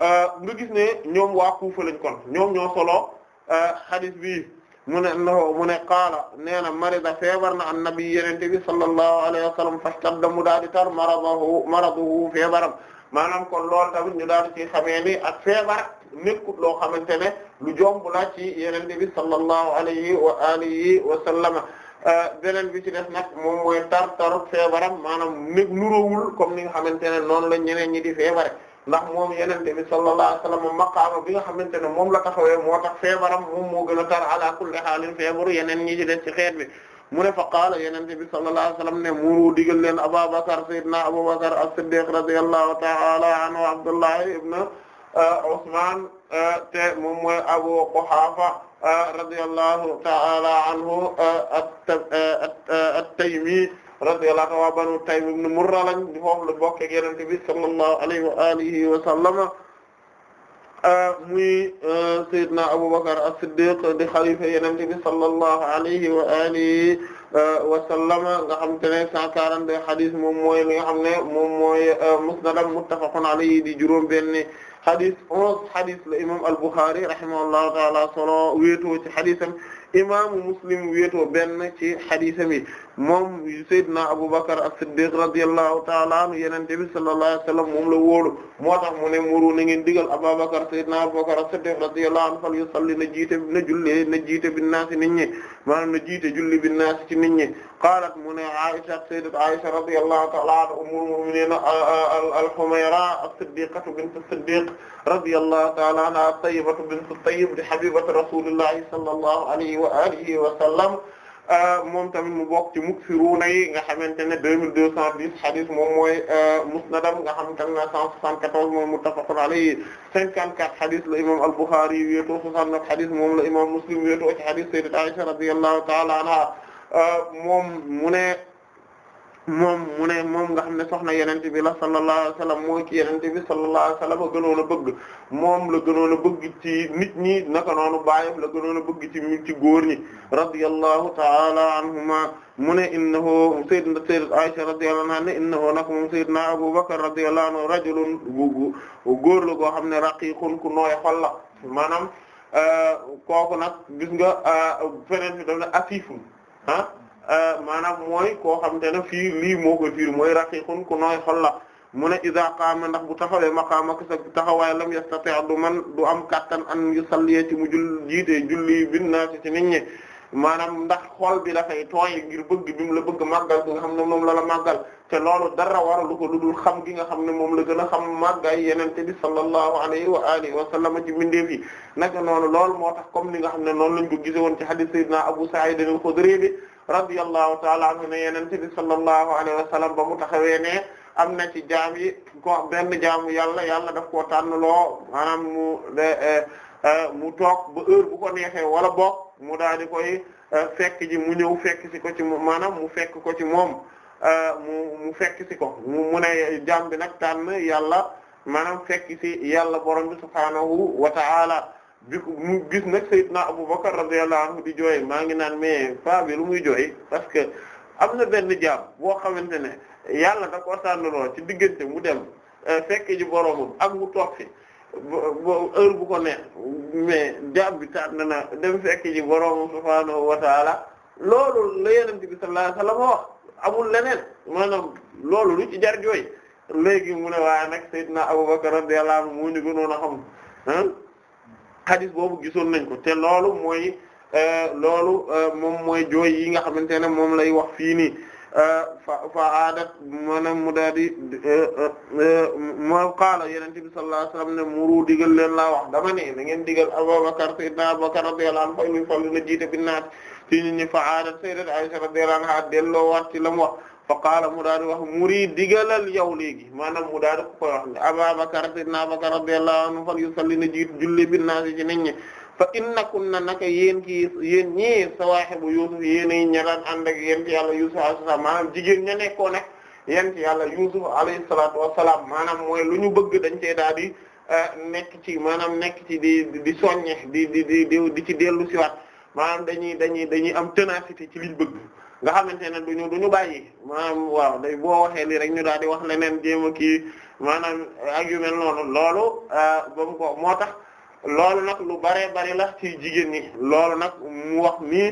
euh, nga gis ne ñoom waa Kufa lañ kon ñoom ñoo solo xadis bi mu ne no mu ne qaala nee na marida feebar na annabi yenente bi sallallahu alayhi wa sallam fastadda mu daal di tar maradahu maraduhu feebaram maanaam kon loolu tamit ñu daal ci xamee ni ak feebar nekkut loo xamante ne lu jomb la ci yenente bi sallallahu alayhi wa alihi wa sallama euh, beneen bi ci des nag moom mooy tar tar feebaram maanaam nég nuróowul comme ni nga xamante ne noonu la ñeneen ñi di feebare ndax moom yenente bi sallallahu alayhi wasallam maqaama bi nga xamante ne moom la taxawee moo tax feebaram moom moo gën a tar ala kulli haalin feebaru yeneen ñi ci des ci xeet bi mu ne fa qaala yenente bi sallallahu alayhi wasallam ne muru digal leen Abubakar sayyidina Abubakar as-Siddiq radiyallahu ta'ala anhu Abdullahi ibn uh, Usman uh, te moom mooy Abu Quhafa uh, radiyallahu ta'ala anhu at-Taymi radiyallahu anhu waa Banu Taym ibn Murra lañ di foofu la bokk ak Yonent bi sallallahu alayhi wa alihi wa sallama muy Seydina Abubakar as-Siddiq di xalifa Yonent bi sallallahu alayhi wa alihi wa sallama nga xam te ne 142 hadis moom mooy li nga xam ne moom mooy musnadam muttafaqun alayhi di juróom benn hadis 11 hadis la imam al-Bukhari rahimahullahu taala solo wéetoo ci hadisam imaamu Muslim wéetoo benn ci hadisam yi moom Seydina Abubakar as-Siddiq radiyallahu ta'ala anhu Yonent bi sallallahu alayhi wa sallam moom la wóolu moo tax mu ne muru na ngeen digal Abubakar Seydina Abubakar as-Siddiq radiyallahu anhu fal yusalli na jiite na julli na jiite binnaasi nit ñi maanaam na jiite julli binnaasi ci nit ñi qaalat mu ne Aisha Sayyidatu Aisha radiyallahu ta'ala anha ummul mu'minin al-Humayra as-Siddiqatu bint as-Siddiq radiyallahu ta'ala anha at-Tayyibatu bint at-Tayyib habibatu rasulillahi sallallahu alayhi wa alihi wa sallam Euh, moom tamit mu bokk ci muksiruuna yi nga xamante ne deux mille deux cent dix hadith moom mooy euh, musnadam nga xam tam na cent soixante-quatorze moom muttafaqun alayhi cinquante-quatre hadith la imam al-Bukhari y wéetoo soixante-neuf hadith moom la imam Muslim wéetoo ci hadith sayyidat Aisha radiyallahu ta'ala anha euh, moom mu moom mu ne moom nga xam ne soxna yenente bi la sallallahu alayhi wasallam mooy ci yenente bi sallallahu alayhi wasallam a gënoon a bëgg moom la gënoon a bëgg ci nit ñi naka noonu baayam la gënoon a bëgg ci ci góor ñi radiyallahu ta'ala anhuma mu ne innahu sayyidna sayyidat Aisha radiyallahu anha ne innahu nak moom sayyidna Abu Bakr radiyallahu anhu rajulun góor la goo xam ne raqiqun ku nooy xol la maanaam euh, kooku nag gis nga euh, feneen bi daf ne afifun ah Euh, maanaam mooy koo xamante ne fii lii moo ko fiir mooy raqiqun ku nooy xol la mu ne iza qaama ndax bu taxawee maqaama ko sa taxawaay lam yastati du man du am kattan an yu salli ci mu jul jiitee julli bin naa ci nit ñi maanaam ndax xol bi dafay tooy ngir bëgg bi mu la bëgg màggal bi nga xam ne moom la la màggal te loolu dara waralu ko du dul xam gi nga xam ne moom la gën a xam màggaay yenente bi sallallahu alayhi wa alihi wa sallam ci mbindeef yi naka noonu loolu moo comme ni nga xam ne noonu lañ gise woon ci hadith sayyidina Abu Sa'id al bi radiyallahu taala anhu ne yonent bi sallallahu alayhi wa sallam ba mu taxawee ne am na ci jaam yi ko benn jaam yàlla yàlla daf koo tànnloo maanaam mu e, e, mu toog ba heure bu ko neexee wala boog mu daal di koy e, fekk ji mu ñëw fekk si ko ci moom maanaam mu fekk ko ci moom mu mu fekk si ko mu mu ne jaam bi nag tànn yàlla maanaam fekk si yàlla borom bi subhaanahu wa ta'ala bi mu gis nag Seydina Aboubacar radiyallahu anhu di jooy maa ngi naan mais faa bi lu muy jooy parce que am na benn jaam boo xamante ne yàlla da ko tànnaloo ci diggante mu dem euh, fekk ji boromam ak mu toog fi heure bu ko neex mais jaam bi tànn na dem fekk ji boromam subhaanahu wa taala loolu la Yonent bi sallallahu alayhi wa sallam amul leneen maanaam loolu lu ci jar jooy léegi mu ne waaye nag Seydina Aboubacar radiyallahu anhu moo ñu gënoon a xam xadis boobu gisoon nañ ko te loolu mooy euh, loolu euh, moom mooy jooy yi nga xamante ne moom lay wax fii nii euh, fa fa aadat maanaam mu daal di moo qaala yenente bi sallallahu alayhi wasallam ne muru digal leen laa wax dama ne na ngeen digal Abubakar sayyidina Abubakar radiyallahu anhu fa muy fallu na jiite bi naat ci nit ñi fa aadat sayyidat Aisha radiyallahu anha delloo waat ci la mu wax fa qaala mu daal di wax muri digalal yow léegi maanaam mu daal di ko koy wax ne Abubakar sayyidina Abubakar radiyallahu anhu fal yusalli na jiitu julli bin naasi ci nit ñi fa innakunna naka yéen kii yéen sawa sawaahibu Yuusuf yéen ay ñaaraan ànd ak yéen ci yàlla Yuusuf alayhi salaam maanaam jigéen ña nekkoon nag yéen yàlla Yuusuf alayhi salaatu wa salaam maanaam mooy lu ñu bëgg dañ cee daal di eh, nekk ci maanaam nekk ci di di soññe di di di di ci dellu siwaat maanaam dañuy dañuy dañuy am ténacité ci liñ bëgg. nga xamante ne duñu duñu bàyyi maanaam waaw day boo waxee lii rek ñu daal di wax leneen jéem a kii maanaam ak yu mel loolu ba ah, mu moo tax loolu nag lu bare bari la ci jigéen ñi loolu nag mu wax nii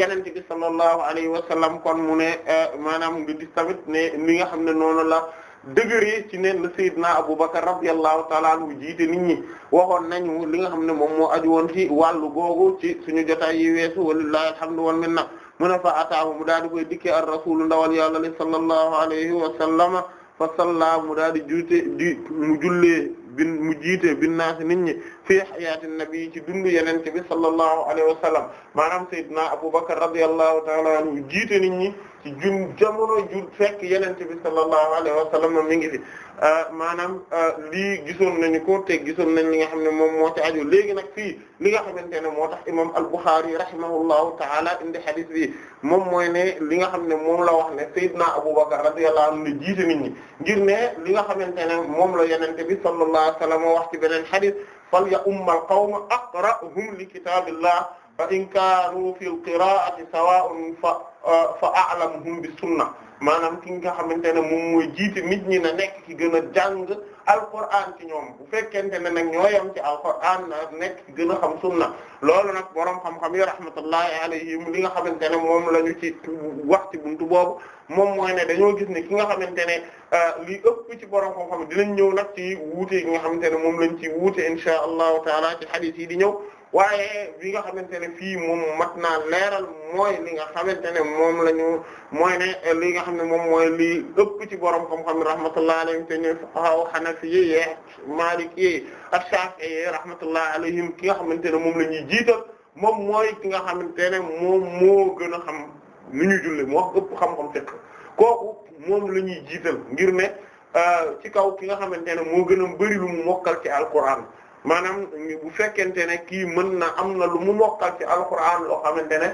yenente bi sallallahu alayhi wa sallam kon mu ne eh, maanaam nga tamit ne li nga xam ne noonu la dëgëree ci neen la Seydina abu radiyallahu ta'ala anhu jiite nit ñi waxoon nañu li nga xam ne moom moo aju woon ci wàllu googu ci suñu jotaay yi weesu walillahi alhamdu wal minna mu ne fa ataahu mu daal di koy dikkee ar rasulu ndawal yàlla li sallallahu alayhi wa sallama fa salla mu daal di juute di mu jullee bin mu jiite binnaasi nit ñi fi hayaati nabi ci dundu yenente bi sallallahu alayhi wa sallam maanaam sayyidina Abubakar radiyallahu ta'ala anhu jiite nit ñi ci jun jamono ju fekk yenente bi sallallahu alayhi wa sallam mi ngi fi euh, maanaam euh, lii gisoon nañu ko te gisoon nañ li nga xam ne moom moo ci aju léegi nag fii li nga xamante ne moo tax imam al-Bukhari rahimahullahu ta'ala indi hadith wi moom mooy ne li nga xam ne moom la wax ne sayyidina Abubakar radiyallahu anhu ne jiite nit ñi ngir ne li nga xamante ne moom la yenente bi sallallahu alayhi wa sallam wax ci beneen hadith fal ya ummal qawma aqra'uhum li kitaabillah fa in kaanu fil qiraa'ati sawaa'un fa euh, fa a'lamuhum bis sunna maanaam ki nga xamante ne moom mooy jiite nit ñi na nekk ki gën a jàng alquran ci ñoom bu fekkente ne nag ñoo yam ci alquran na nekk gën a xam sunna loolu nag borom xam-xam yi rahmatullahi alayhim li nga xamante ne moom la ñu ci wax ci buntu boobu moom mooy ne dañoo gis ne ki nga xamante ne euh, li ëpp ci borom xam-xam dinañ ñëw nag ci wuute gi nga xamante ne moom lañ ci wuute insha allahu taala ci hadith yi di ñëw waaye bi nga xamante ne fii moom mat naa leeral mooy li nga xamante ne moom la ñu mooy ne eh, li nga xam ne moom mooy li ëpp ci borom xam-xam rahmatullah alayhim te ñu fuqaha hanafi yi eh, maliki yi ak shafi'i yi alayhim ki nga xamante ne moom la ñuy jiital moom mooy ki nga xamante ne moom moo gën a xam lu ñuy julli moo ëpp xam-xam ko kooku moom la ñuy jiital ngir ne eh, ci kaw ki nga xamante ne moo gën a bari lu mu mokkal ci alquran maanaam bu fekkente ne kii mën na am na lu mu mokkal ci alquran loo xamante ne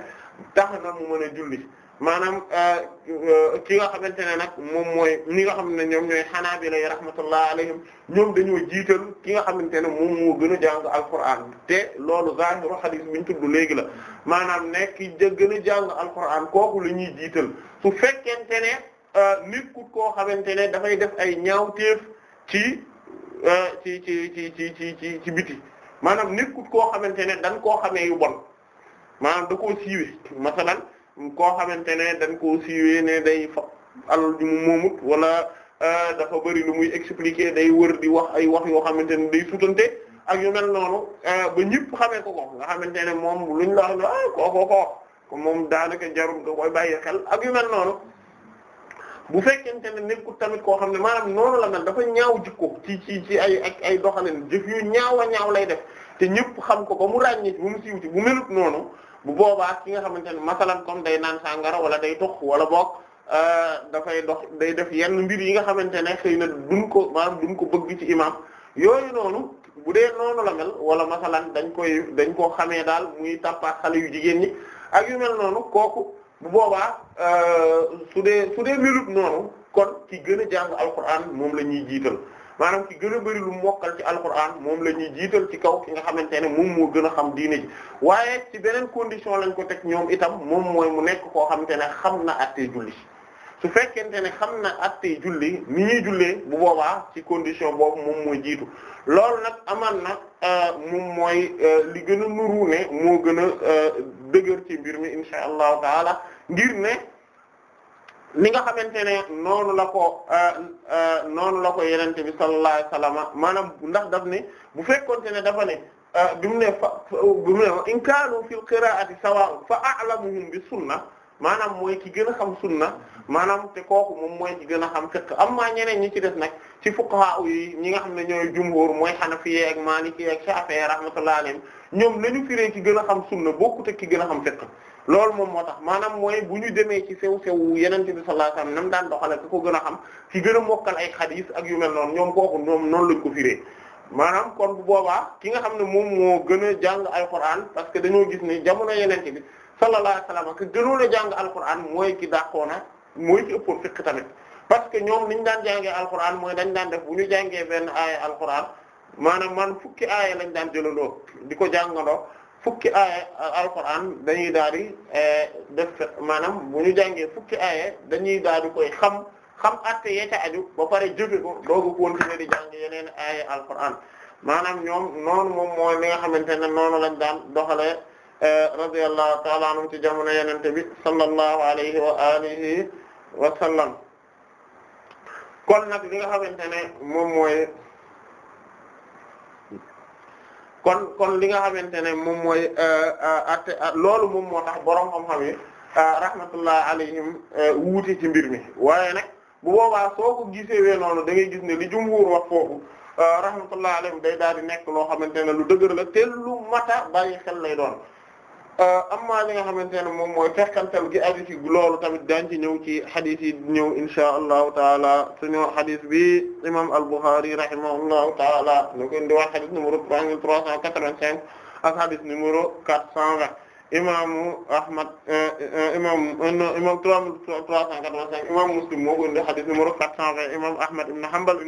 tax na mu mën a julli maanaam euh, ki nga xamante ne nag moom mooy ni nga xam ne ñoom ñooy xanaabila yi rahmatullah alayhim ñoom dañoo jiital ki nga xamante ne moom mu gën a jàng alquran te loolu zaahiru xadiis bi ñu tudd léegi la maanaam ne ki gën a jàng alquran kooku la ñuy jiital su fekkente ne euh, nit ku koo xamante ne dafay def ay ñaawteef ci. Euh, ci ci ci ci ci ci ci biti maanaam nekkut koo xamante ne dañ koo xamee yu bon maanaam da koo siiwee masalan koo xamante ne dañ koo siiwee ne day fa alal ji mu moomut wala euh, dafa bëri lu muy expliquer day wër di wax ay wax yoo xamante ne day sutante ak yu mel noonu euh, ba ñëpp xamee ko ko nga xamante ne moom luñ la wax ah kooku kooku moom daanaka jarul nga koy bàyyi xel ak yu mel noonu. bu fekkente ne nekkul tamit koo xam ne maanaam noonu la nag dafa ñaaw jikko ci ci ci ay ay doxalin jëf yu ñaaw a ñaaw lay def te ñëpp xam ko ko mu ràññee ba mu siiw ci bu melut noonu bu boobaa ki nga xamante ne masalan comme day naan sàngara wala day tox wala boog euh, dafay dox day def yenn mbir yi nga xamante ne xëy na duñ ko maanaam duñ ko bëgg ci imam yooyu noonu bu dee noonu la mel wala masalan dañ koy dañ koo xamee daal muy tàppaat xale yu jigéen ñi ak yu mel noonu kooku bu boobaa euh, su dee su dee melut noonu kon ki gën a jàng alquran moom la ñuy jiital maanaam ki gën a bëri lu mokkal ci alquran moom la ñuy jiital ci kaw ki nga xamante ne moom moo gën a xam diina ji waaye ci beneen condition lañ ko teg ñoom itam moom mooy mu nekk koo xamante ne xam na àttee julli su fekkente ne xam na attey julli ni ñuy jullee bu boobaa ci condition boobu moom mooy jiitu loolu nag amaan na euh, moom mooy euh, li gën a nuru ne moo gën euh, dëgër ci mbir mi insha allahu taala ngir ne ni nga xamante ne noonu la ko noonu la ko yenente bi sallallahu alayhi wasallam maanaam ndax daf ne bu fekkonte ne dafa ne bi mu ne fa bi mu ne in fil qira'ati sawa fa a'lamuhum bi sunna maanaam mooy ki gën a xam sunna maanaam te kooku moom mooy ki gën a xam fiqh amma ñeneen ñi ci des nag ci fuqaha yi ñi nga xam ne ñooy jumhur mooy xanafiye ak maliki ak shafi'i rahmatullahi alayhim ñoom lañu firee ki gën a xam sunna bokkut ak ki gën a xam fiqh loolu moom moo tax maanaam mooy bu ñu demee ci sew sew yeneen bi sallallahu alayhi wasallam nam daan doxale ki ko gën a xam ki gën a mokkal ay xadiis ak yu mel noonu ñoom kooku ñoom noonu lañ ko firee maanaam kon bu boobaa ki nga xam ne moom moo gën a jàng alxuraan parce que dañoo gis ne jamono yeneen bi sallallahu alayhi wa sallam ki gënoon a jàng alquran mooy ki dàqoona mooy ki ëppoon fiqh tamit parce que ñoom niñ daan jàngee alquran mooy dañ daan def bu ñu jàngee benn aaya alquran maanaam man fukki aaya lañ daan jëlandoo di ko jàngandoo fukki aaya alquran dañuy daal di eh, def maanaam bu jàngee fukki aaya dañuy daal di xam xam atte yee aju ba pare jóge ko doogu ko continuer di jàng yeneen aaya maanaam ñoom noonu moom mooy li nga xamante ne noonu lañ daan doxalee radiyallahu ta'ala anhum ci jamono Yonent bi sallallahu alayhi wa alihi wa sallam kon nag li nga xamante ne moom mooy kon kon li nga xamante ne moom mooy euh, euh, atte euh, loolu moom moo tax boroom xam-xam yi rahmatullah alayhim wuute ci mbir mi waaye nag bu boobaa soo ko gisewee noonu da ngay gis ne li jumhuur wax foofu rahmatullah alayhim day daal di nekk loo xamante ne lu dëgër la te lu mata bàyyi xel lay doon Euh, amma li nga xamante ne moom mooy fekkantal gi aju ci loolu tamit daañu ci ñëw ci hadith yi ñëw insha allahu taala suñu hadith bi imam al-Bukhari rahimahullahu taala ñu koy indiwaat hadith numéro trois mille trois cent quatre-vingt-cinq ak hadith numéro quatre cent vingt imaamu Ahmad imam euh, imam euh, trois mille trois a quatre-vingt-cinq imam Muslim moo ko indi hadith numéro quatre cent imam Ahmad ibn Hanbal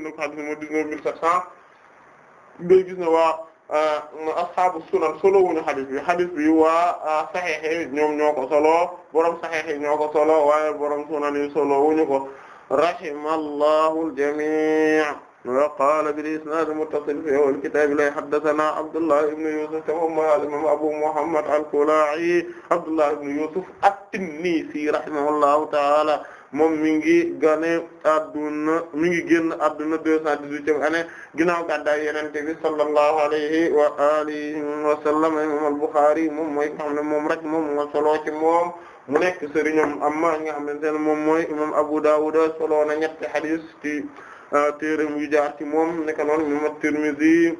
Ah, ashaabu sunan solo wuñu xadis bi xadis bi waa ah, saxeex ñoom ñoo ko solo borom saxeex ñoo ko solo waaye borom sunan yi solo wuñu ko rahimallahu al-jamii' wa qaala bil-isnaad al-muttasil fii awwal kitaab la haddathanaa Abdullah ibn Yusuf wa al-imaam Abu Muhammad al-Kalaa'i Abdullah ibn Yusuf at-Tinnisi rahimahullahu ta'ala moom mi ngi gane adduna mi ngi génn adduna deux cent dix-huitième année ginnaaw gàddaay Yonent bi sallallahu alayhi wa alihi wa sallam imam al-Bukhari moom mooy nga ne moom rek moom moo solo moom mu nekk sëriñam amma nga xamante ne moom mooy imam Abu Dawud solo na ñetti hadith ci euh, téeram yu jaar ci moom naka noonu imam at-Tirmidhi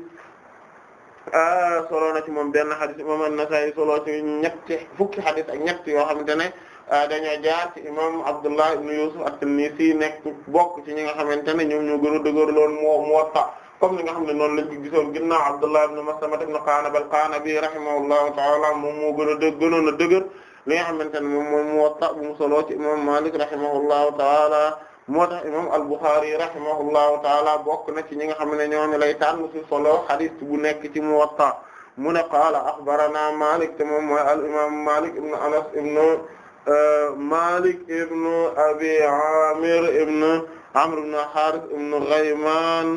euh, solo na ci moom benn hadith imam an-Nasa'i solo ñetti fukki hadith ak ñett yoo xamante ne Euh, dañoo jaar ci imam Abdullah ibn Yusuf at-Tinnisi nekk bokk ci ñi nga xamante ne ñoom ñoo gën a dëgër lool moo Muwatta comme ni nga xam ne noonu lañ ko gisoon ginnaaw Abdullah ibn Maslama ibn Qanab al-Qanabi rahimahullahu ta'ala moom moo gën a a dëgër li nga xamante ne moom moom Muwatta bu mu soloo ci imam Malik rahimahullahu ta'ala moo tax imam al-Bukhari rahimahullahu ta'ala bokk na ci ñi nga xam ne ñoom lay tànn ci solo hadith bu nekk ci Muwatta mu ne qaala akhbarana Malik te moom mooy al imam Malik ibn Anas ibn Malik ibn Abi Amir ibn Amr ibn Harith ibn Ghayman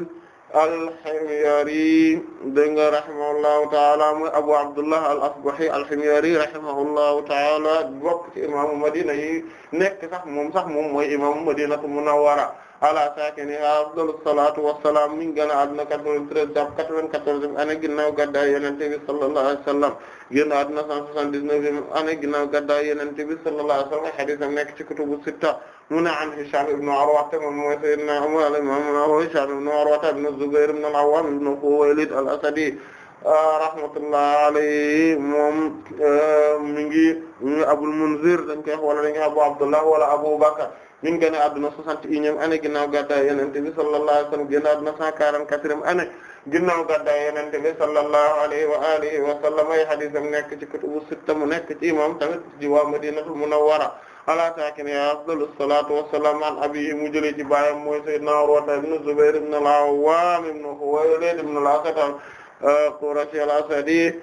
al-Himyari dégg nga rahimahullahu taala mooy Abu Abdullah al-Asbahi al-Himyari rahimahullahu taala bokk ci imaamu Madina yi nekk sax moom sax moom mooy imaamu Madinatu Munawwara ala saakinihaa afdalu salaatu wa salaam mi ngi gën a adduna 93 jàpp 94 année ginnaaw gàddaay Yonent bi sallallahu alayhi wa sallam génn adduna 179 année ginnaaw gàddaay Yonent bi sallallahu alayhi wa sallam hadiisam nekk ci kutubu sitta mu ne an Hishaam ibn Urwa moom mooy sayyidina imaam Hishaam ibn Urwa ibn Zubayr ibn al-Awwaam ibn Khuwaylid al-Asadi rahmatullah alayhi moom eh, mi ngi Abul Munzir dañ koy wax wala dañ koy wax Abu Abdullah wala Abu Bakr mi ngi génn àdduna 61e année a gàddaay Yonent bi sallallahu alayhi wa sallam génn àdduna 144e année a gàddaay Yonent bi sallallahu alayhi wa alihi wa sallam ay ci kutubu sitta mu nekk ci imam tamit ci waa Madinatul Munawwara ala saakinihaa afdalu salaatu wa salaam an abiihi mu jëlee ci baayam mooy Sayyidina Urwa ibn Zubayr ibn al-Awwaam ibn Khuwaylid ibn al qurashi al-Asadi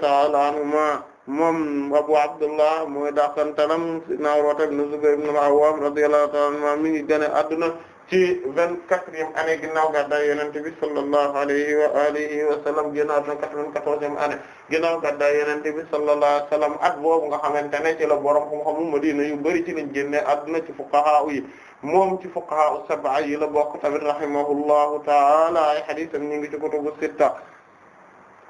ta'ala anhumaa moom Abu Abdullah mooy daqantalam sidna Urwata ibn Zubayr ibn al-Awwam radiyallahu ta'ala mi ngi génn àdduna ci vingt-quatrième année ginnaaw gàddaay Yonent bi sallallahu alayhi wa alihi wa sallam génn àdduna quatre-vingt-quatorzième année ginnaaw gàddaay Yonent bi sallallahu alayhi wa sallam at boobu nga xamante ne ci la borom xam-xamu Madina yu bari ci lañ génne àdduna ci fuqaha yi moom ci fuqaha sab'a yi la bokk tamit rahimahullahu ta'ala ay hadiisam ñu ngi ci kutubu sitta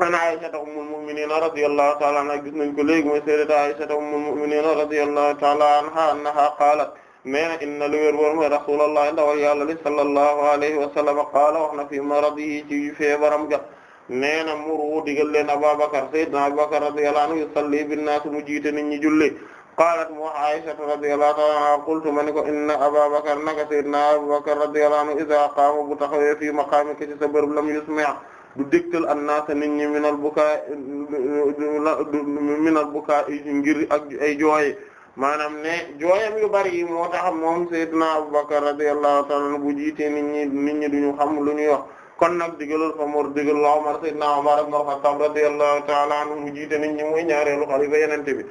an Aysata ummul mu'minina radiyallahu ta'ala anha gis nañ ko léegi mooy sayyidatu Aysata ummul mu'minina radiyallahu ta'ala anha annaha qaalat nee na inna lu wér wóor mooy rasulullah ndawal yàlla li sallallahu alayhi wa sallam qaala wax na fi maradihi ci feebaram ga nee na muru digal leen Abubakar sayyidina Abubakar radiyallahu anhu yusalli bin-naas mu jiite nit ñi julli qaalat mu Aysata radiyallahu ta'ala anha qultu ma ni ko inna Abubakar naka sayyidina Abubakar radiyallahu anhu idha qaama bu taxawee fi maqaamika ci sa bërëb lam yusmi' du dégtal an naasa nit ñi minal bukaa minal bukaa ngir ak ay jooy maanaam ne jooyam yu bari yi moo tax moom Seydina Abubakar radiyallahu ta'ala bu jiitee nit ñi nit ñi duñu xam lu ñuy wax kon nag digalul fa mor digal la Umar Seydina Umar ibn Khattab radiyallahu ta'ala anhu mu jiite nit ñi mooy ñaareelu xalifa yenente bi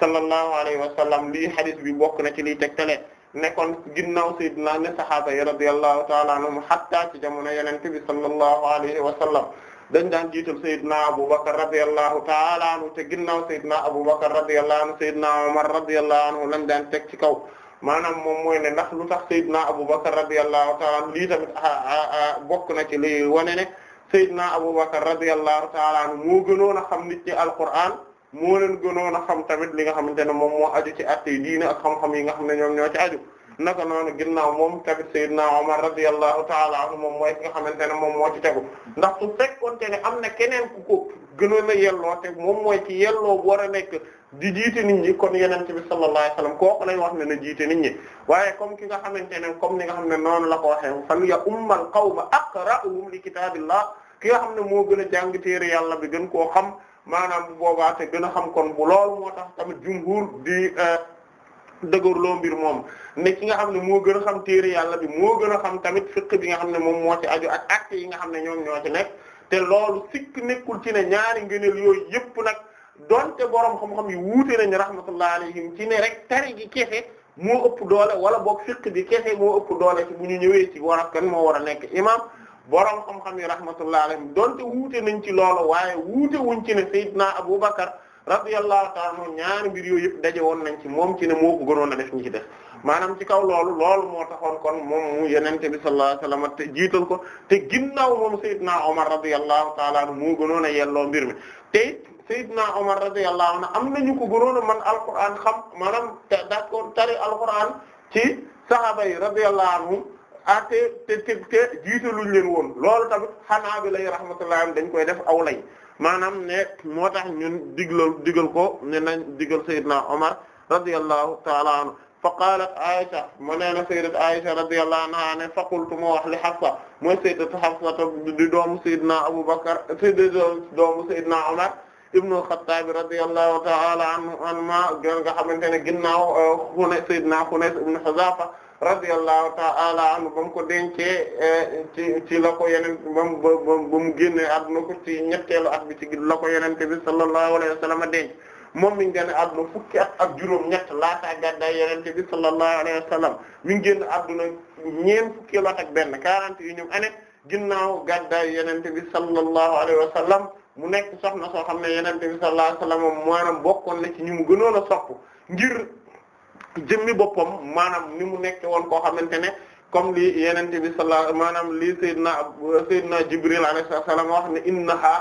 sallallahu alayhi wa sallam lii hadith bi bokk na ci liy tegtale nekkoon ginnaaw sayyidina ne sahaaba yi radiyallahu ta'ala anhum hatta ci jamono Yonent bi sallallahu alayhi wa sallam dañ daan jiital sayyidina Abubakar radiyallahu ta'ala anhu te ginnaaw sayyidina Abubakar radiyallahu anhu sayyidina Umar radiyallahu anhu lañ daan teg ci kaw maanaam moom mooy ne ndax lu tax sayyidina Abubakar radiyallahu ta'ala anhu lii tamit ah, ah, ah, bokk na ci li wane ne sayyidina Abubakar radiyallahu ta'ala anhu moo gënoon a xam nit ñi Alqur'aan moo leen gënoon a xam tamit li nga xamante ne moom moo aju ci atte yi diine ak xam-xam yi nga xam ne ñoom ñoo ci aju naka noonu ginnaaw moom tamit Seydina Omar radiyallahu taala anhu moom mooy ki xamante ne moom moo ci tegu ndax su fekkoonte ne am na keneen ku ko gënoon yelloo te moom mooy ci yelloo bu war a nekk di jiite nit ñi kon yenente bi sallallahu alayhi wasallam kooku lañ wax ne na jiite waaye comme ki nga xamante ne comme ni nga xam ne noonu la ko waxee fal ya ummal qawma aqra'uhum li kitaabillah ki nga xam ne moo gën a jàng téere yàlla bi gën koo xam maanaam bu boobaa te gën a xam kon bu loolu moo tax tamit jumhur di euh, loo mbir moom ne ki nga xam ne moo gën a xam téere yàlla bi moo gën a xam tamit fiqh bi nga xam ne moom moo ci ajo ak acte yi nga xam ne ñoom ñoo ci nekk te loolu sikk nekkul ci ne ñaari ngëneel yooyu yëpp nag donte borom xam-xam yi wuute nañu rahmatullah alayhim ci ne rek tari gi kese moo ëpp doole wala boog fiqh bi kese moo ëpp doole ci bu ñu ñëwee ci war a kan moo war a nekk imam boroom xam-xam yi rahmatullah alayhim donte wuute nañ ci loolu waaye wuute wuñ ci ne abu Abubakar radiyallahu ta'ala anhu ñaari mbir yooyu daje woon nañ ci moom ci ne moo ko a def ñi ci def maanaam ci kaw lool lool moo taxoon kon moom mu yenente bi sallallahu alayhi wasallam te jiital ko te ginnaaw moom Seydina Omar radiyallahu ta'ala anhu moo gënoon a yelloo mbir mi te Seydina Omar radiyallahu anhu am nañu ko gënoon a man alquran xam maanaam d'accord tari alquran ci sahaaba yi radiyallahu anhu ah te te te te jiitaluñ leen woon loolu tamit xanaa bi lay rahmatullah am dañ koy def aw lay maanaam ne moo tax ñun diglal digal ko ne nañ digal Seydina Omar radiyallahu ta'ala anhu fa qalat Aisha mu nee na sayyidat Aisha radiyallahu anha ne fa qultu ma wax li Hafsa mooy sayyidat Hafsa di doomu Seydina Abu Bakar di doomu Seydina Omar ibnu al-Khattab radiyallahu ta'ala anhu anhuma nga xamante ne ginnaaw uh, Xunays Seydina Xunays ibnu Huzafa radiyallahu ta'ala anhu ba mu ko dencee eh, ci ci la ko yeneen ba mu ba mu génnee adduna ko ci ñetteelu at bi ci la ko yenente bi sallallahu alayhi wa sallam denc moom mi ngi génn adduna fukki at ak juróom ñett laataa gàddaay yenente bi sallallahu alayhi wa sallam mi ngi génn adduna ñeent fukkeelu at ak benn quarante yu ñum année ginnaaw gàddaay yenente bi sallallahu alayhi wa sallam mu nekk soxna soo xam ne yenente bi sallallahu alayhi wa sallam moom maanaam bokkoon na ci ñu mu gënoon a sopp ngir jëmmi boppam maanaam ni mu nekke woon koo xamante ne comme li yenente bi sallallahu maanaam li sayyidina sayyidina Jibril alayhi salaam wax ne innaha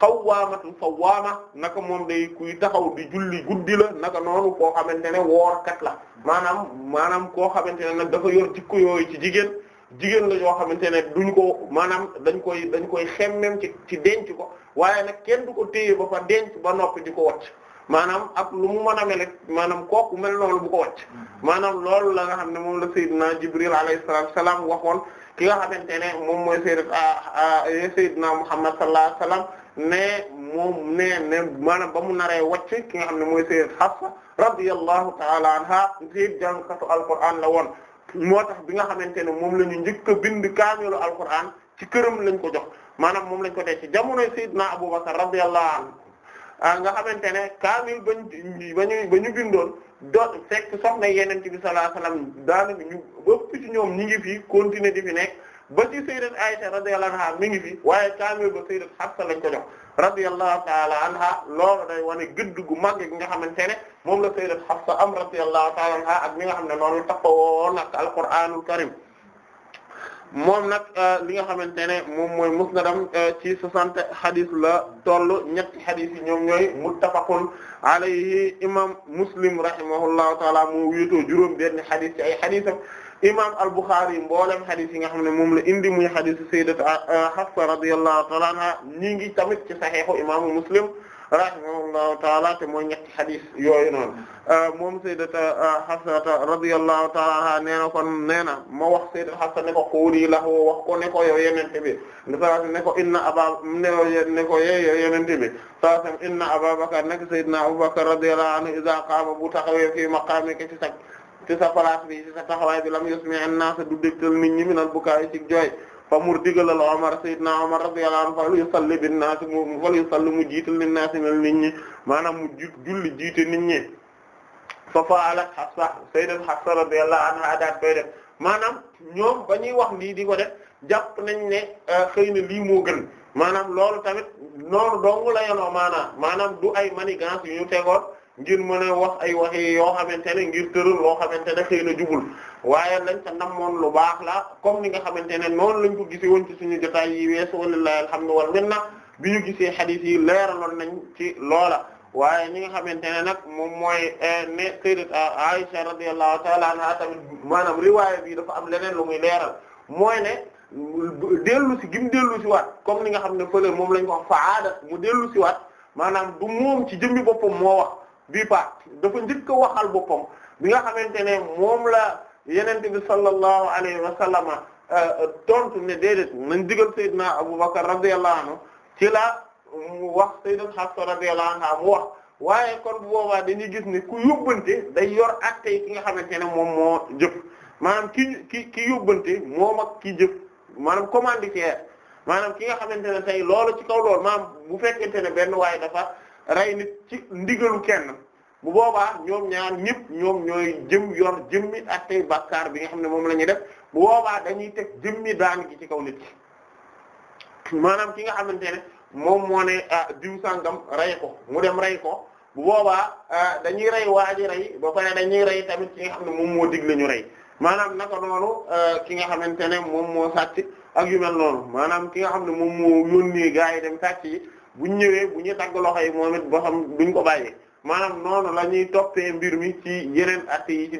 qawwaamatun sawwaama naka moom day kuy taxaw di julli guddi la naka noonu koo xamante ne kat la maanaam maanaam koo xamante ne nag dafa yor jikko yooyu ci jigéen jigéen la yoo xamante ne duñ ko maanaam dañ koy dañ koy xemmem ci ci denc ko waaye nag kenn du ko téye ba fa denc ba noppi di ko wot maanaam ak lu mu mën a mel maanaam kooku mel noonu bu ko wàcc mm-hmm. maanaam loolu la nga xam ne moom la Seydina Jibril alayhi salaatu salaam waxoon ki nga xamante ne moom mooy Seydina ah, ah, eh, Seydina Muhammad sallallahu alayhi wasallam ne moom ne maanaam ba mu naree wàcc ki nga xam ne mooy Sayyidat Hafsa radiyallahu ta'ala anha ci jàngkatu Alqur'an la woon moo tax bi nga xamante ne moom la ñu njëkk a bind kaamilu Alqur'an ci këram lañ ko jox maanaam moom lañ ko teg ci jamonoy Seydina Abubakar radiyallahu anhu Ah, nga xamante ne kaamil bañ bañu ba ñu bindoon doot fekk soxna yeneen ci bi sallallahu alayhi wasallam daanaka ñu bëpp ci ñoom ñi ngi fi continuer di fi nekk ba ci sayyidat Aisha radiyallahu anha mi ngi fi waaye kaamil ba sayyidat Hafsa lañ ko jox radiyallahu ta'ala anha loolu day wane gëdd gu mag gi nga xamante ne moom la sayyidat Hafsa am radiyallahu ta'ala anha ak mi nga xam ne noonu taxawoon ak alqur'anul karim moom nag euh, li nga xamante ne moom mooy musnadam euh, ci soixante hadith la toll ñetti hadith yi ñoom ñooy muttafaqun alayhi imam muslim rahimahullahu taala moo wéetoo juróom benn hadith ci ay haditham imam al-Bukhari mboolem hadith yi nga xam ne moom la indi muy hadith a euh, Hafsa radiyallahu taala anha ñi ngi tamit ci saxiixu imaamu muslim. rahimahullahu taala te mooy ñetti xadis yooyu noonu euh, moom sayyidata euh, Hafsata radiyallahu taala anha nee na kon nee na ma wax sayyidata Hafsa ne ko qawli lahu wax ko ne ko yow yonent bi saa ne ko inna aba ne ko yow yonent bi saa sam inna Ababakar nak na Abubakar radiyallahu anhu iza qaama bu taxawee fii maqaamika ci sa ci sa place bi ci sa taxawaay bi lam yusmi an du dégtal nit ñi minal bukaa ci jooy fa mu digalal Omar Seydina Omar radiyallahu anhu fal yusalli bin naas mu fal yusalli mu jiital lin naas nit ñi maanaam mu julli jiite nit ñi fa fa'alat Hafsa Sayyidatu Hafsa radiyallahu anha daat koy def maanaam ñoom ba ñuy wax lii di ko def jàpp nañ ne euh, xëy na lii moo gën maanaam loolu tamit noonu dong la yoonoo maanaam du ay manigance yu ñu tegoon. ngir mën a wax ay waxe yoo xamante ne ngir tëral loo xamante ne xëy na jubul waaye lañ ta sa namoon lu baax la comme ni nga xamante ne noonu lañ ko gisee woon ci suñu jotaay yi weesu walillahi alhamdu wal minna bi ñu gisee hadith yi leeraloon nañ ci loola waaye ñi nga xamante ne nag moom mooy eh, ne sayyidat Aisha radiyallahu ta'ala anha tamit maanaam riwaaya bi dafa am leneen lu muy leeral mooy ne dellu si gim dellu si waat comme ni nga xam ne fële moom lañ ko fa aada mu dellu si waat maanaam du moom ci jëmmi boppam moo wax bii paax dafa njëkk a waxal boppam bi nga xamante ne moom la yenente bi sallallahu alayhi wa sallama euh, tontu ne déedéet nañ digal Seydina Abubakar radiyallahu anhu ci la mu wax Seydina Hafsa radiyallahu anha mu wax waaye kon bu da dañuy gis ni ku yóbbante day yor acte yi ki nga xamante ne moom moo jëf maanaam ki ki ki yóbbante moom ak ki jëf maanaam commanditaire maanaam ki nga xamante ne tey lool ci kaw loolu maanaam bu fekkente ne benn waaye dafa rey nit ci ndigalu kenn bu booba ñoom ñaan ñëpp ñoom ñooy jëm yor jëmmi ak tey bi nga xam ne moom la ñuy def bu boobaa dañuy teg jëmmi daan gi ci kaw nit ki maanaam ki nga xamante ne moom moo ne ah diw sàngam rey ko mu dem rey ko bu boobaa ah, dañuy rey waa ji rey ba pare dañuy rey tamit ki nga xam ne moom moo digle ñu rey maanaam naka noonu ah, ki nga xamante ne moom moo sàcc ak yu mel noonu maanaam ki nga xam ne moom moo yónnee gaa yi dem sàcc yi. buñ ñëwee bu ñu dagg loxo yi moom it boo xam duñ ko bàyyee maanaam noonu la ñuy toppee mbir mi ci yeneen at yi ci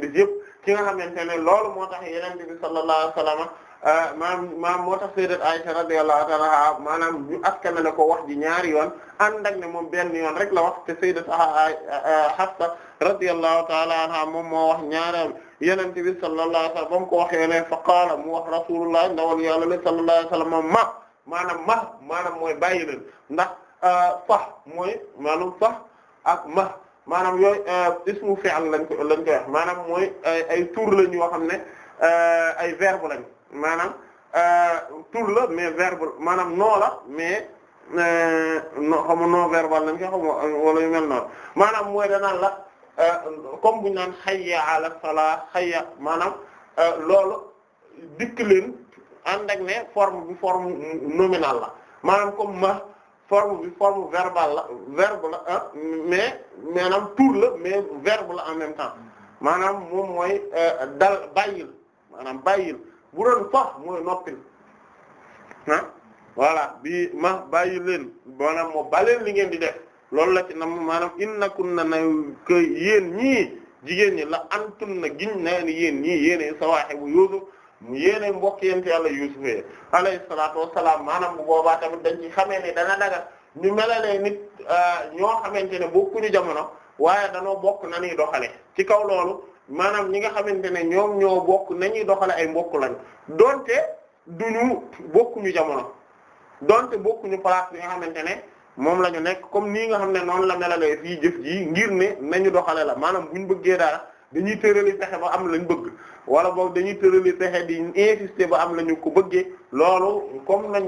ci nga xamante ne loolu moo tax yeneen bi sallallahu alayhi wasallam ah, maanaam maanaam moo tax sayyidat Aisha radiyallahu ta'ala anha maanaam ñu askanale ko wax ñaari yoon ànd ak ne moom benn yoon rek la wax te sayyidat ah, ah, Hafsa radiyallahu ta'ala moom moo wax ñaareel Yonent bi sallallahu alayhi wasallam ba mu ko waxee ne fa qaala mu wax Rasulullah ndawal Yàlla sallallahu alayhi wasallam ma maanaam ma maanaam mooy bàyyi leen ndax fax euh, mooy maanaam fax ak ma maanaam yooyu euh, ismu fi'l lañ koy maanaam mooy ay tur lañ yoo xam ne euh, ay verbe lañ maanaam tur la mais verbe maanaam noo la mais non xam non verbal lañ koy xam wala yu mel noonu maanaam mooy danaan la comme buñu naan hayya ala salah hayya maanaam loolu dikk leen ànd ak ne forme bi forme la maanaam comme ma forme bi forme verbale la verbe la ah, mais maanaam tur la mais verbe la en même temps maanaam moom mooy euh, dal bàyyil maanaam bàyyil bu doon faf mooy noppil ah voilà bi ma bàyyi leen maanaam moo baleen li ngeen di def loolu la ci nam maanaam innakun na na que yéen ñii jigéen ñi la antun na giñ naa ni yéen ñii yéene sawaahibu mu yéene mbokk yent yàlla Yuusuf yi alayhi salaatu wassalaam maanaam bu boobaa tamit dañ ci xamee ni dana daga ñu melalee nit euh, ñoo xamante ne bokkuñu jamono waaye danoo bokk na ni doxale ci kaw loolu maanaam ñi nga xamante ne ñoom ñoo bokk nañuy doxale ay mbokk lañ donte duñu bokkuñu jamono donte bokkuñu place bi nga xamante ne moom la ñu nekk comme nii nga xam ne noonu la melalee fii jëf ji ngir ne nañu doxale la maanaam buñ bëggee dara dañuy tërali pexe ba am lañ bëgg wala boog dañuy tërali pexe di insister ba am la ñu ko bëggee loolu comme nañ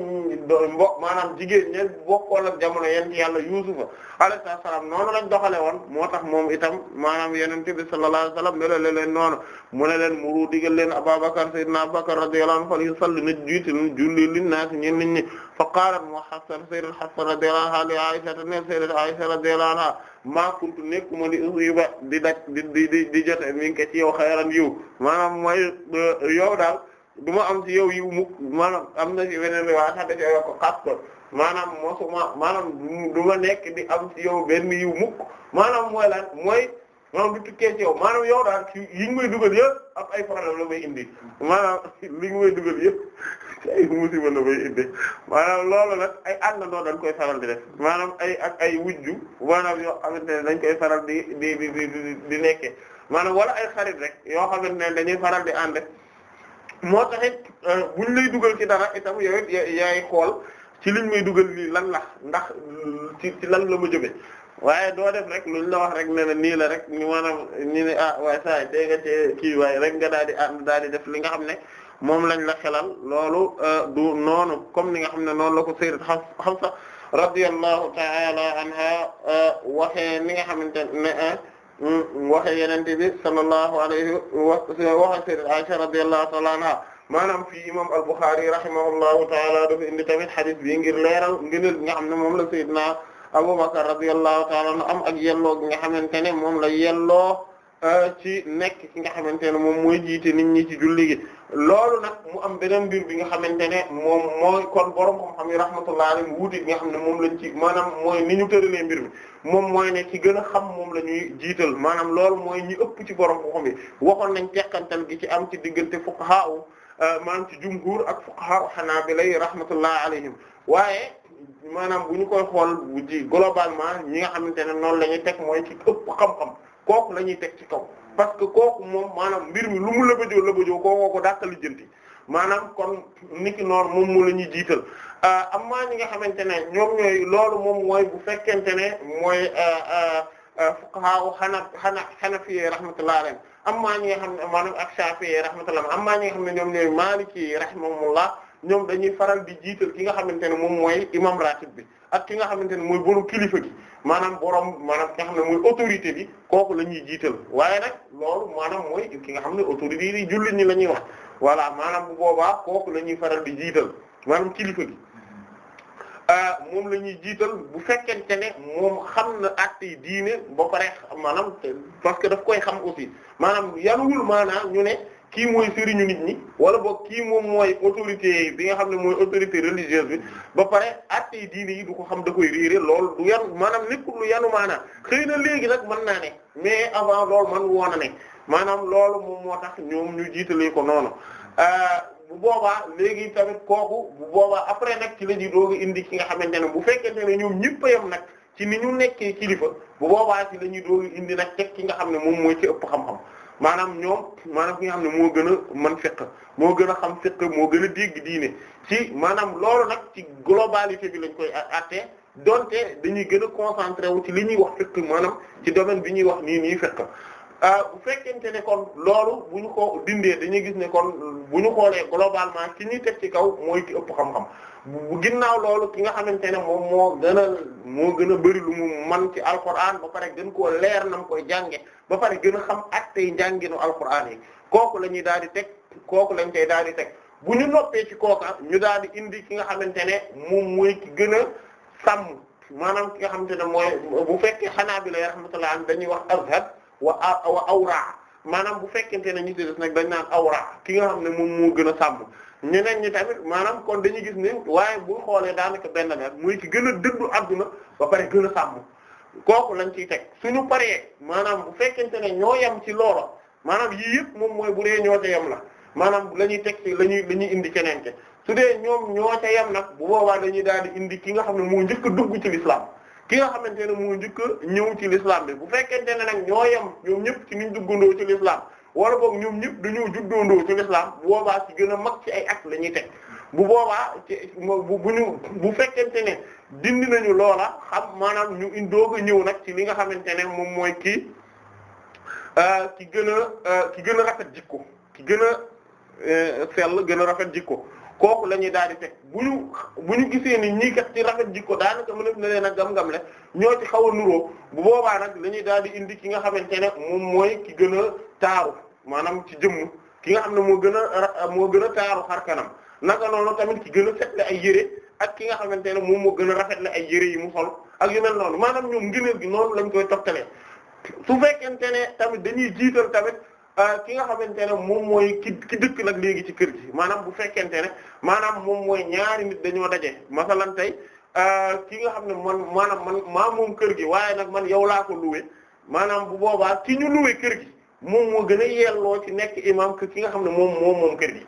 mbo maanaam jigéen ña bo ak jamono yent yàlla yuusufa alayhi salaam noonu lañ doxale woon moo tax moom itam maanaam yenente bi sallallahu alayhi wasallam melale leen noonu mu ne leen muru digal leen ababakar sayyidina abubakar radiyallahu anhu fal yusalli na jiitin julli lin naas ñen nit ñi fa qalat mu hasan sayyidat hasan radiyallahu anha li aisha ta ne sayyidat aisha radiyallahu anha maa kuntu nekkuma li usiba di daj di di di di jote mi ngi ko ci yow xayran yiw du ma am ci yow yiw mukk maanaam am na ci weneen waa sax dafa yokk xas ko maanaam mosuma maanaam du ma nekk di am ci yow benn yiw mukk maanaam mooy lan mooy maanaam du tukkee ci yow maanaam yow daal ci yi may dugal yëpp ak ay problème la may indi maanaam li ngi may dugal yëpp ay musiba la may dañ koy faral di rek maanaam ay ak ay wujju maanaam yoo xamante ne dañ koy faral di di di di maanaam wala ay xarit rek yoo xamante ne dañuy faral di ànd moo taxit euh, buñ lay dugal ci dara itam yow it yaay xool ci liñ may dugal nii lan la ndax ci ci lan la ma jóge waaye doo def rek luñ la wax rek ne na nii la rek ñu maanaam ni ne ah waaye saa yi nga cee kii waaye rek nga daal di ànd daal di def li nga xam ne moom lañ la xelal loolu euh, du noonu comme ni nga xam ne noonu la ko sayyidat Hafsa radiyallahu ta'ala anha euh, waxee ni nga xamante ne waxe yenente bi sallallahu alayhi waxa sayyidat Aisha radiyallahu ta'ala anha maanaam fii imam al-Bukhari rahimahullahu ta'ala dafa indi tamit hadith bi ngir leeral ngëneel bi nga xam ne moom la sayyidna Abubakar radiyallahu ta'ala anhu am ak yelloo gi nga xamante ne moom la yelloo ci nekk ki nga xamante ne moom mooy jiite nit ñi ci julli gi loolu nag mu am beneen mbir bi nga xamante ne moom mooy kon borom xam-xam yi rahmatullah alayhi wuute bi nga xam ne moom lañ ci maanaam mooy ni ñu tëralee mbir mi moom mooy ne ci gën a xam moom la ñuy jiital maanaam loolu mooy ñi ëpp ci borom xam yi waxoon nañ tekkantal gi ci am ci diggante fuqaha euh, maanaam ci jumhur ak fuqaha hanabila rahmatullah alayhim waaye maanaam bu ñu koy xool ji globalement ñi nga xamante ne noonu la ñuy teg mooy ci ëpp xam-xam. kooku la ñuy teg ci kaw parce que kooku moom maanaam mbir mi lu mu lëbëjoo lëbëjoo kookoo ko dàqali jënti maanaam kon niki noonu moom mu la ñuy jiital euh, am maa ñi nga xamante ne ñoom ñooy loolu moom mooy bu fekkente ne mooy euh, euh, a xana xana xanafi rahmatullah alayhim am maa ñi nga xam ne maanaam ak shafi'i rahmatullah am maa ñi xam ne ñoom ñooy maliki rahimahumullah ñoom dañuy faral di jiital ki nga xamante ne moom mooy imam ratib bi ak ki nga xamante ne mooy bonu kilifa gi maanaam borom maanaam ki nga xam ne autorité bi kooku la ñuy jiital waaye nag loolu maanaam mooy ki nga xam ne autorité yi jullit ñi la ñuy wax voilà maanaam bu boobaa kooku la ñuy faral di jiital maanaam kilifa gi euh, moom la ñuy jiital bu fekkente ne moom xam na actes yi diine ba pare maanaam parce que daf koy xam aussi maanaam yanuwul maanaam ñu ne. kii mooy sëriñu nit ñi wala boog kii moom mooy autorité bi nga xam ne mooy autorité religieuse bi ba pare atte yi yi du ko xam da koy réere loolu du yan maanaam nekkul lu yanu maanaam xëy na léegi nag mën naa ne mais avant loolu man woon na maanaam loolu moom moo tax ñoom ñu jiitalee ko noonu euh, bu boobaa léegi tamit kooku bu boobaa après nag ci la ñuy doog indi ki nga xamante ne bu fekkente ne ñoom ñëpp a yem nag ci ni ñu nekkee kilifa bu boobaa ci la doog indi nag teg nga xam ne moom mooy ci ëpp xam maanaam ñoom maanaam ku nga xam ne moo gën a man fiqh moo gën a xam fiqh moo gën a dégg diine ci maanaam loolu nag ci globalité bi lañ koy àttee donte dañuy gën a concentré wu ci li ñuy wax fiqh maanaam ci domaine bi ñuy wax nii nii ah bu fekkente ne kon loolu bu ñu ko dindee dañuy gis ne kon bu ñu xoolee globalement ki ñuy teg ci kaw mooy ki ëpp xam-xam bu ginnaaw loolu ki nga xamante ne moom moo gën a moo gën a bëri lu mu man ci alquran ba pare gën koo leer nam koy jànge ba pare gën a xam at tey njànginu alquran yi kooku la ñuy daal di teg kooku lañ tey daal di teg bu ñu noppee ci kooka ñu daal di indi ki nga xamante ne moom mooy gën a sàmm maanaam ki nga xamante ne mooy bu fekkee xanaa bi lay rahmatullah an dañuy wax azhab wa wa awra maanaam bu fekkente ne ñu ci des nag dañ naan awra ki nga xam ne moom mu gën a sàmm ñeneen ñi tamit maanaam kon dañuy gis ne waaye bu xoolee daanaka benn la muy ki gën a dëddu adduna ba pare gën a sàmm kooku lañ ciy teg suñu paree maanaam bu fekkente ne ñoo yem ci loola maanaam yii moom mooy bu dee ñoo ca la maanaam la ñuy teg la ñuy la indi keneen ke su dee ñoom ñoo nag bu boobaa dañuy daal di indi ki nga xam ne moo njëkk dugg ci l'islam ki nga xamante ne moo njëkk ñëw ci l'islam bi bu fekkente ne nag ñoo yem ñoom ñëpp ci niñ duggandoo ci l'islam wala boog ñoom ñëpp dañoo juddoondoo ci l'islam boobaa ci gën a mag ci ay at la ñuy teg bu boobaa ci bu bu ñu bu fekkente ne dindi nañu loola xam maanaam ñu indooga ñëw nag ci li nga xamante ne moom mooy kii euh, ki gën a euh, ki gën a rafet jikko ki gën a euh, sell gën a rafet jikko kooku la ñuy daal di teg bu ñu bu ni ñii kat ci rafet jikko daanaka mën na leen a gam le ñoo ci xaw a nuroo bu boobaa nag la daal di indi ki nga xamante ne moom mooy ki gën a taaru maanaam ci jëmm ki nga xam ne moo gën a moo gën a taaru xar kanam naka noonu tamit ki gën a setle ay yére ak ki nga xamante ne moom moo gën a rafetle ay yére yi mu sol ak yu mel maanaam ñoom ngëneel gi noonu lañ koy toftale su fekkente ne tamit dañuy jiital tamit euh, ki nga xamante ne moom mooy ki ki dëkk nag léegi ci kër gi maanaam bu fekkente ne maanaam moom mooy ñaari nit dañoo daje masalan tey euh, ki nga xam ne man maanaam man maa moom kër gi waaye nag man yow laa ko luwe maanaam bu boobaa ki ñu luwe kër gi moom moo gën a yelloo ci nekk imam ki nga xam ne moom moom moom kër gi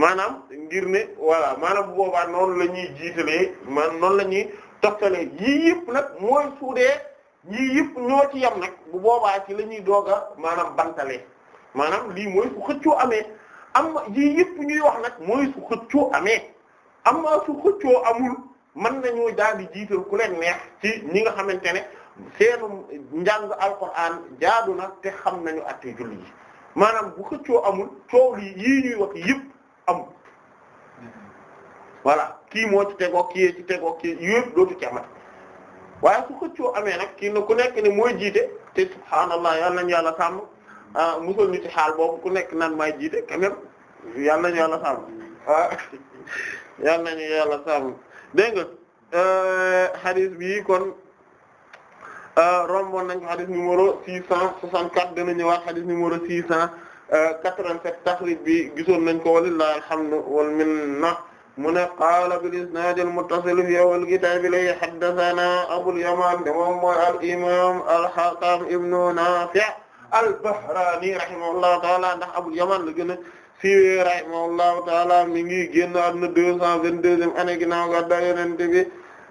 maanaam ngir ne voilà maanaam bu boobaa noonu la ñuy jiitalee man noonu la ñuy toftalee yii yëpp nag mooy suudee yii yëpp ñoo ci yem nag bu boobaa ci la ñuy doog a maanaam bantalee maanaam lii mooy su xëccoo amee am yii yëpp ñuy wax nag mooy su xëccoo amee am su xëccoo amul mën nañoo daal di jiital ku leen neex ci ñi nga xamante ne seenu njàng alquran jaadu na te xam nañu atte julli yi maanaam bu xëccoo amul coow li yii ñuy wax yëpp amul voilà kii moo ci tegoo kii ci tegoo kii yëpp dootu ci amat waaye su xëccoo amee nag kii ku nekk ne mooy jiite te subhaanallah yal nañu yàlla sàmm ah, musal ñu ci xaal boobu ku nekk naan maay jiite quand même yal nañu yàlla sàmm ah, yal nañu yàlla sàmm dégg nga euh, hadith kon. Euh, romboon nañ ko xadis numéro 664 dana ñëwaat xadis numéro 687 taxrij bi gisoon nañ ko walillahi alhamdu wal minna mu ne qaala bil isnaad al muttasil fi awwal kitaab li haddathana Abul Yamaan de moom mooy al imaam al Hakam ibnu Naafi' al Bahraani rahimahullahu taala ndax Abul Yamaan la gën a siiwee rahimahullahu taala mi ngi génn àdduna 222e année ginnaaw gàddaay Yonent bi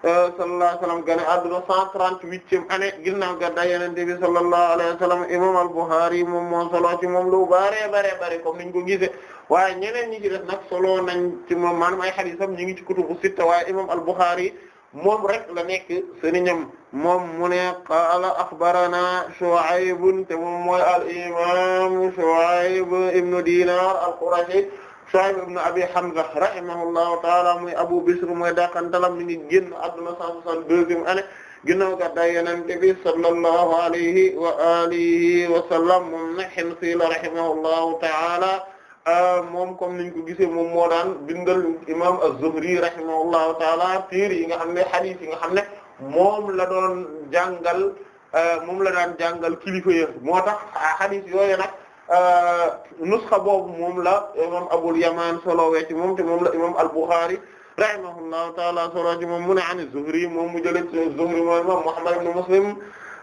Euh, sallallahu alayhi wa sallam gane adduna cent trente-huitième année ginnaaw gàddaay Yonent bi sallallahu alayhi wa imam al-Bukhari moom moo solo ci moom lu bare bare ko gisee waaye ñeneen ñi ci def nag solo nañ ci moom maanaam ay hadiisam ñi ngi ci kutubu sitta waaye imam al-Bukhari moom rek la nekk sëriñam moom mu ne qaala axbarana Shu'ayb te moom mooy al imam Shu'ayb ibnu Dinar al-Qurashi Shu'ayb ibn Abi Hamza rahimahullahu ta'ala muy Abu Bisr mooy daakantalam mi ngi génn adduna 162e année ginnaaw gàddaay Yonent bi sallallahu alayhi wa alihi wa sallam moom na Himsi la rahimahullahu ta'ala moom comme niñ ko gisee moom moo daan bindal imam Az-Zuhri rahimahullahu ta'ala tiir yi nga xam ne hadith yi nga xam ne moom la doon jàngal moom la daan jàngal kilifa yi moo tax hadith yooyu na Euh, nusxa boobu moom la imam Abul Yamaan solowee ci moom te moom la imam al-Bukhari rahimahullahu taala soloo ci moom mu ne an az-Zuhri moom mu jëlee ci az-Zuhri moom imam Muhammad ibn Muslim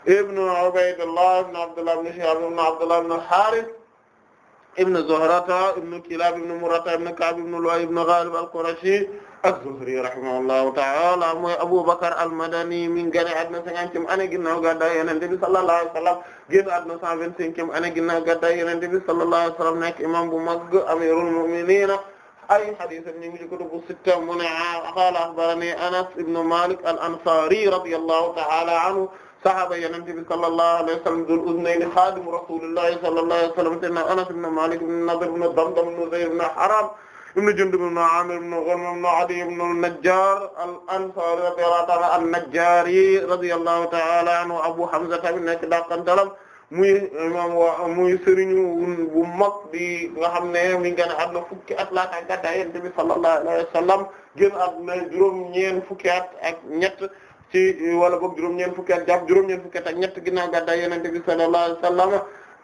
ibn Ubaydullah ibn Abdullah ibn Shihab ibn Abdullah ibn al-Harith ibn Zuhrata ibn Kilab ibn Murrata ibn Ka'b ibn Lu'ay ibn Ghalib al-Qurashi az-Zuhri rahimahullahu ta'ala mooy Abu Bakr al-Madani mi ngi génn àdduna cinquantième année ginnaaw gàddaay Yonent bi sallallahu alayhi wa sallam génn àdduna cent vingt-cinquième année ginnaaw gàddaay Yonent bi sallallahu alayhi wa sallam nekk imam bu mag amirul mu'minin ay hadith ñu ngi ci kutubu sitta mu ne qaala akhbarani Anas ibn Malik al-Ansari radiyallahu ta'ala anhu sahaaba Yonent bi sallallahu alayhi wa sallam dhul uznayn khadim rasulillahi sallallahu alayhi wa sallam sayyidina Anas ibn Malik ibn Nadr ibn Damdam ibn Zuhayr ibn Haram ibn Jundub ibn Amir ibn Ghanm ibn Adiy ibn an-Najjar al-Ansari radiyallahu ta'ala an-Najjari radiyallahu ta'ala anhu Abu Hamza tamit nekk dakantalam muy imam wa muy sëriñu bu mag di nga xam ne mi ngi gën fukki at laata gàddaay Yonent bi sallallahu alayhi wa sallam gën àdduna juróom-ñeent fukki at ak ñett ci wala boog juróom-ñeent fukki at jàpp juróom-ñeent fukki at ak ñett ginnaaw gàddaay Yonent bi sallallahu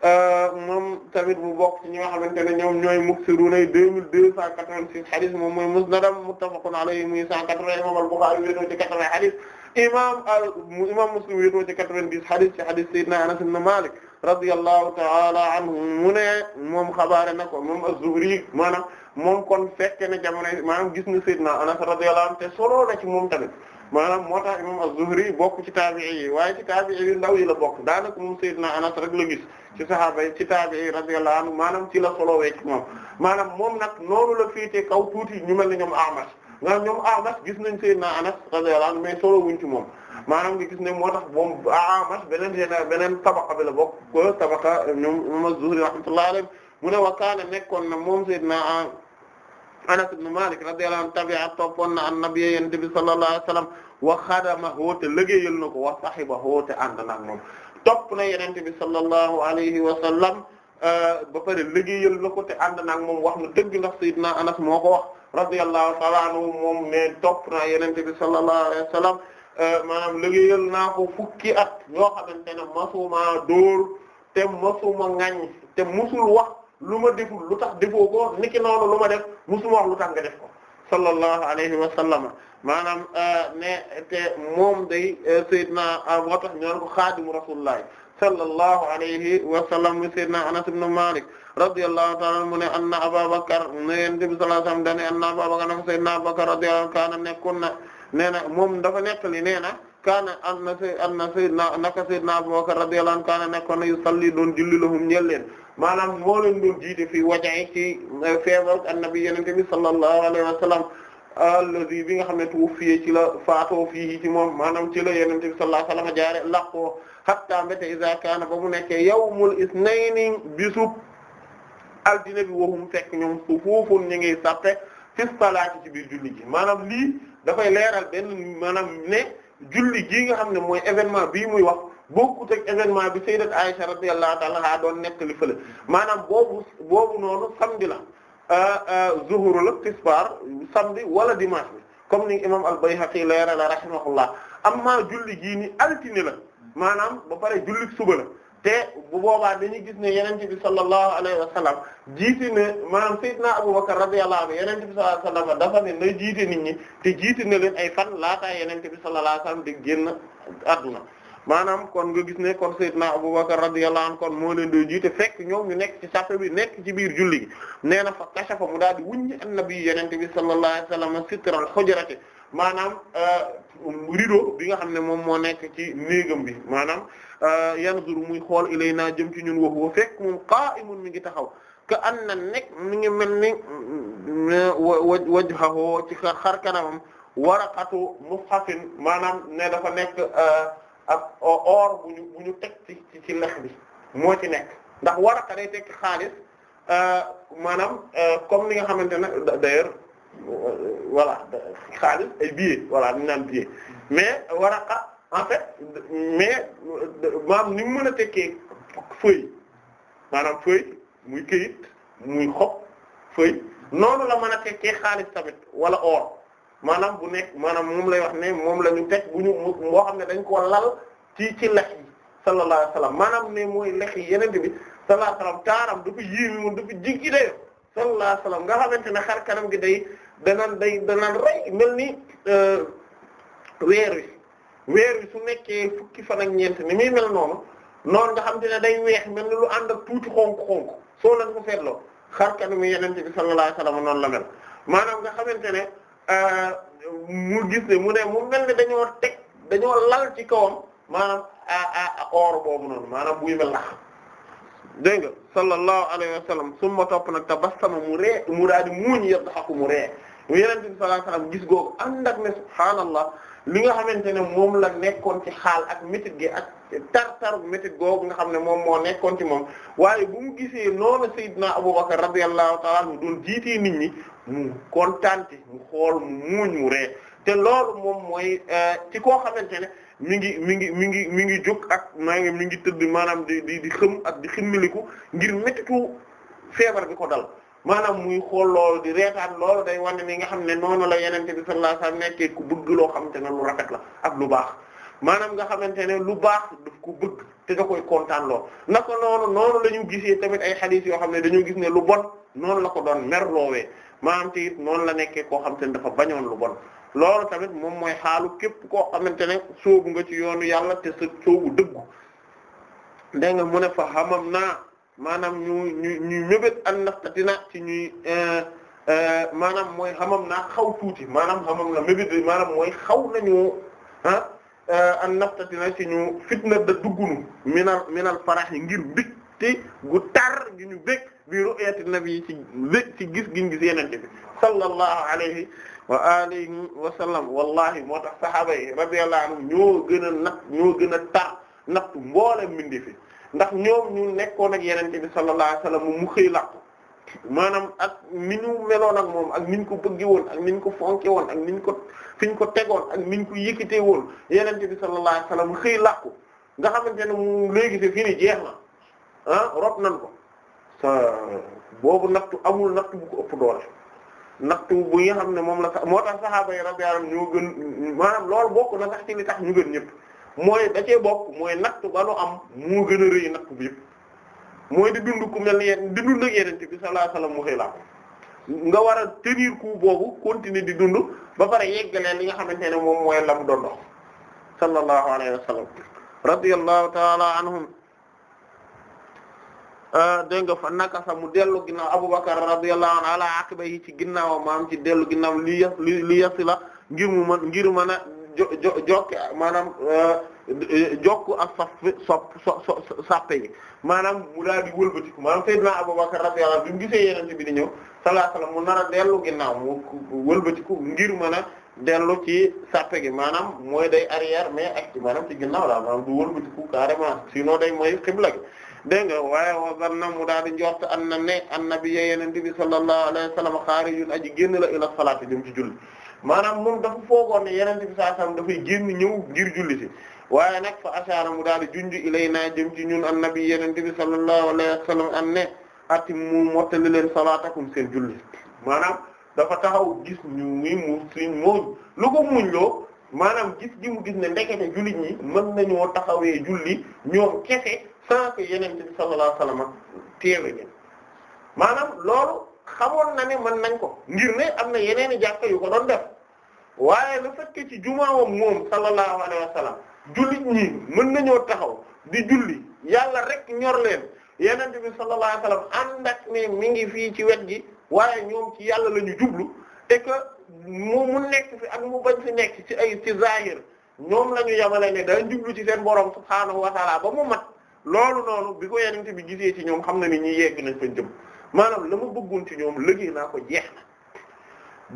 Euh, moom tamit mu bokk ci ñi nga xamante ne ñoom deux mille deux cent quatre mooy musnadam muttafaqun alayhi muy cent quatre-vingts imam al-Bukhari wéetoo ci quatre-vingts hadith imam al imam Muslim wéetoo ci quatre-vingt-dix hadith ci hadith Sayyidina ta'ala anhu mu ne moom na ko moom az-Zuhri maanaam moom kon fekke ne jamono maanaam gis na Sayyidina Anas radiyallahu anhu te solo na ci moom tamit maanaam moo tax imam az bokk ci taabi'i yi waaye ci ndaw yi la bokk daanaka moom Seydina Anas rek la gis ci sahaaba yi ci taabi'i yi radiyallahu anhu maanaam ci la solowee moom maanaam moom nag noonu la féetee kaw tuuti ñu mel ne ñoom Ahmad nga ñoom Ahmad gis nañ Seydina Anas radiyallahu anhu mais ci moom maanaam nga gis ne moo tax moom Ahmad beneen général beneen tabaqa bi la bokk ko tabaqa ñoom imam az-Zuhri rahmatullahi mu ne wa kaana nekkoon na moom Seydina Anas ibn Malik radiyallahu anhu tabi'a toppoon na an-nabiy yonent bi sallallahu alayhi wa sallam wa xadamahu te liggéeyal na ko wa sahibahu te ànd na ak moom topp na yonent bi sallallahu alayhi wa sallam euh, ba pare liggéeyal na ko te ànd wax na dëgg ndax Seydina Anas moo ko wax radiyallahu ta'ala anhu moom ne top na yonent bi sallallahu alayhi wa sallam euh, maanaam liggéeyal naa ko fukki at yoo xamante ne masuma dóor te masuma te musul lu ma deful lu tax defoo ko niki lu ma def musuma wax lu tax nga def ko sallallahu alayhi wa sallam maanaam euh, ne moom day euh, sayyidna euh, moo tax ñu naan ko xaadimu rasulullah sallallahu alayhi wa sallam sayyidna Anas ibn Malik radiyallahu ta'ala mu ne anna Ababakar ne Yonent bi sallallahu alayhi wa sallam anna Ababakar na ko sayyidna Abubakar radiyallahu anhu kaana nekkoon na nee na moom dafa nettali nee na kaana anna sayyidna naka sayyidna Abubakar radiyallahu anhu kaana nekkoon na yusalli doon julli lahum ñeel leen maanaam moo leen doon jiite fii wajaay ci euh, feebar annabi yenente bi sallallahu alayhi wa sallam allazi bi nga xam ne tuwfiye ci la faato fii ci moom maanaam ci la yenente bi sallallahu alayhi wa sallam jaare laqoo hatta mbéte iza kaana ba mu nekkee yawmul isnayni bisub aldina bi waxum fekk ñoom su foofoon ñu ngi sàppe fi salaati ci biir julli ji maanaam lii dafay leeral benn maanaam ne julli gii nga xam ne mooy événement bii muy wax bokkut ak événement bi sayyidat Aisha radiyallahu ta'ala anha doon nekk li fële maanaam boobu boobu noonu samedi la euh, euh, zuhur la tisbaar samedi wala dimanche bi comme ni imam al-Bayhaqi leera la rahimahullah amma julli gii ni altine la maanaam ba pare julli suba la te bu boobaa dañuy gis ne yonent bi sallallahu alayhi wa sallam jiite maanaam sayyidina Abubakar radiyallahu anhu yonent bi sallallahu alayhi wa sallam dafa ne na jiite nit ñi te jiite na leen ay fan laataa yonent bi sallallahu alayhi wa sallam di génn maanaam kon nga gis ne kon Seydina Abubakar radiyallahu anhu kon moo leen doon jiite fekk ñoom ñu nekk ci sàppe bi nekk ci biir julli gi nee na fa kashafa mu daal di wuññi annabi yenente bi sallallahu alayhi wasallam sitral hujrati maanaam euh, rideau bi nga xam ne moom moo nekk ci néegam bi maanaam euh, yanzuru muy xool ilayna jëm ci ñun wa huwa fekk moom mun mi ngi taxaw ka anna nekk mi ngi mel ni mm, waj wajhahu ci xar kanamam waraqatu mushafin maanaam ne dafa nekk euh, ak or bu ñu bu ñu teg ci ci lex bi moo ci nekk ndax waraka day tekki xaalis euh, maanaam euh, comme ni nga xamante ne d'ailleurs euh, voilà xaalis ay billets voilà ñu naan billet mais waraka en fait mais maam ni mu mën a tekkee feuille maanaam feuille muy këyit muy xob feuille noonu la mën a tekkee xaalis tamit wala or maanaam bu nekk maanaam moom lay wax ne moom lañu ñu teg bu ñu moo xam ne dañu ko lal ci ci lex yi sallallahu alayhi wa maanaam ne mooy lex yi yeneen bi sallallahu alayhi taaram dafa yéeme woon dafa jiggi dayoo sallallahu alayhi nga xamante ne xar gi day danaan day danaan rey mel ni euh, weer wi weer wi su nekkee fukki fan ak ñeent ni muy mel noonu noonu nga xamante ne day weex mel ni lu ànd ak tuuti xonk-xonk soo leen ko feetloo xar kanamu yeneen bi sallallahu alayhi wa sallam noonu la mel maanaam nga xamante ne euh, mu gis mu ne mu mel ni dañoo teg dañoo lal ci kawam maanaam a or boobu noonu maanaam buy mel lax dégg nga sallallahu alayhi wa sallam topp na tabassama mu ree mu daal di muuñ yadhaku mu ree mu yenente bi sallallahu alayhi gis googu ànd ak ne subhaanallah li nga xamante ne moom la nekkoon ci xaal ak métit gi ak tar tar métit googu nga xam ne moom moo nekkoon ci moom waaye bu mu gisee noonu Seydina Abubakar radiyallahu ta'ala anhu doon jiitee nit ñi mu kontaan mu xool mu muuñ mu ree te loolu moom mooy euh, ci koo xamante ne mi ngi mi ngi mi ngi mi ngi jóg ak maa ngi mi ngi tëdd maanaam di di di xëm ak di ximmiliku ngir méttitu feebar bi ko dal maanaam muy xool loolu di reetaan loolu day wane ni nga xam ne noonu la yenente bi sallallahu alayhi wasallam nekkee ku bëgg loo xamante ne lu rafet la ak lu baax maanaam nga xamante ne lu baax daf ko bëgg te da koy kontaan loo naka noonu noonu la ñu gisee tamit ay xadiis yoo xam ne dañoo gis ne lu bon noonu la ko doon mer loowee maanaam te it noonu la nekkee koo xam te ne bañoon lu bon loolu tamit moom mooy xaalu képp koo xamante ne sóobu nga ci yoonu yàlla te sa sóobu dëggu dégg nga mu ne fa xamam naa maanaam ñu ñu ñu ñëbét an nastatina ci ñuy euh, euh, maanaam mooy xamam naa xaw tuuti maanaam xamam na mébét maanaam mooy xaw nañu ah euh, an nastatina ci ñu fitna da duggunu minal minal farax yi ngir big ti gu tar gi ñu bég biiru eeti nabi ci bég ci gis giñ gis bi sallallahu alayhi wa alihi wa sallam wallahi moo tax sahaaba yi radiyallahu anhum ñoo gën a nat ñoo gën a tar nattu mboolem mindi fi ndax ñoom ñu nekkoon ak yenente bi sallallahu alayhi wa sallam mu xëy làqu maanaam ak ni ñu meloon ak moom ak niñ ko bëgge woon ak niñ ko fonke woon ak niñ ko fiñ ko tegoon ak niñ ko yëkkatee woon yeneen bi sallallahu alayhi wa mu xëy làqu nga xamante ne mu léegi c'est fini jeex na ah rob nan ko sa boobu nattu amul nattu bu ko ëpp doole naxtu bu nga xam ne moom la sax moo tax saxaaba yi radiyallahu anhum ñoo gën maanaam loolu bokk na sax ci li tax ñu gën ñëpp mooy da cee bokk mooy naxtu ba am am moo gën a rëy naxtu bi yëpp mooy di dund ku mel ni di dund ak yenente bi sallallahu alayhi wasallam mu xëy la nga war a tenir coup boobu continuer di dund ba pare yeggalee li nga xamante ne moom mooy lam doon dox sallallahu alayhi wasallam radiyallahu ta'ala anhum Euh, dégg nga fa nakasa mu dellu ginnaaw Abubakar radiyallahu anhu ala aqibayhi ci ginnaawam maanaam ci dellu ginnaw li yas li yasi la ngir mu mën ngir mën a jo jo jokke maanaam euh, jokk ak saf sop so sappe yi maanaam mu daal di wëlbatiku maanaam Seydina Abubakar radiyallahu anhu bi mu gisee bi di ñëw sallallahu alayhi wasallam mu nar dellu ginnaaw mu wëlbatiku ngir mën a dellu ci sappe gi maanaam mooy day arrière mais ak ci maanaam ci ginnaaw daal maanaam du wëlbatiku carrément sinon day mooy xibla gi dégg nga waaye wa zanna mu daal di njort an na ne annabi yeneen bi sallallahu alayhi wa sallam xaarijun aji génn la ila salaati jëm ci julli maanaam moom dafa foogoon ne yeneen bi sallallahu alayhi dafay génn ñëw ngir julli si waaye nag fa mu daal di junj ilaynaa jëm ci ñun annabi yeneen bi sallallahu alayhi wa sallam an ne ati mu mottali leen salaatakum seen julli maanaam dafa taxaw gis ñu muy mu suñ mooñ lu ko muñ loo maanaam gis gi mu gis ne ndekete jullit ñi mën nañoo taxawee julli ñoom kese sans yeneen Yonent bi sallallahu alayhi wasallam teewe leen maanaam loolu xamoon na ne mën nañ ko ngir ne am na yeneen i jàkka yu ko doon def waaye lu fekkee ci jumaawam moom sallallahu alayhi wasallam jullit ñi mën nañoo taxaw di julli yàlla rek ñor leen Yonent bi sallallahu alayhi wasallam ànd ak ne mi ngi fii ci wet gi waaye ñoom ci yàlla lañu ñu jublu et mu mu nekk fi ak mu bañ fi nekk ci ay ci zahir ñoom la ñu yemale ne dañ jublu ci seen borom subhaanahu wa taala ba loolu noonu bi ko yenente bi gisee ci ñoom xam na ni ñi yegg nañ fañ jëm maanaam la ma bëggoon ci ñoom léegi naa ko jeex na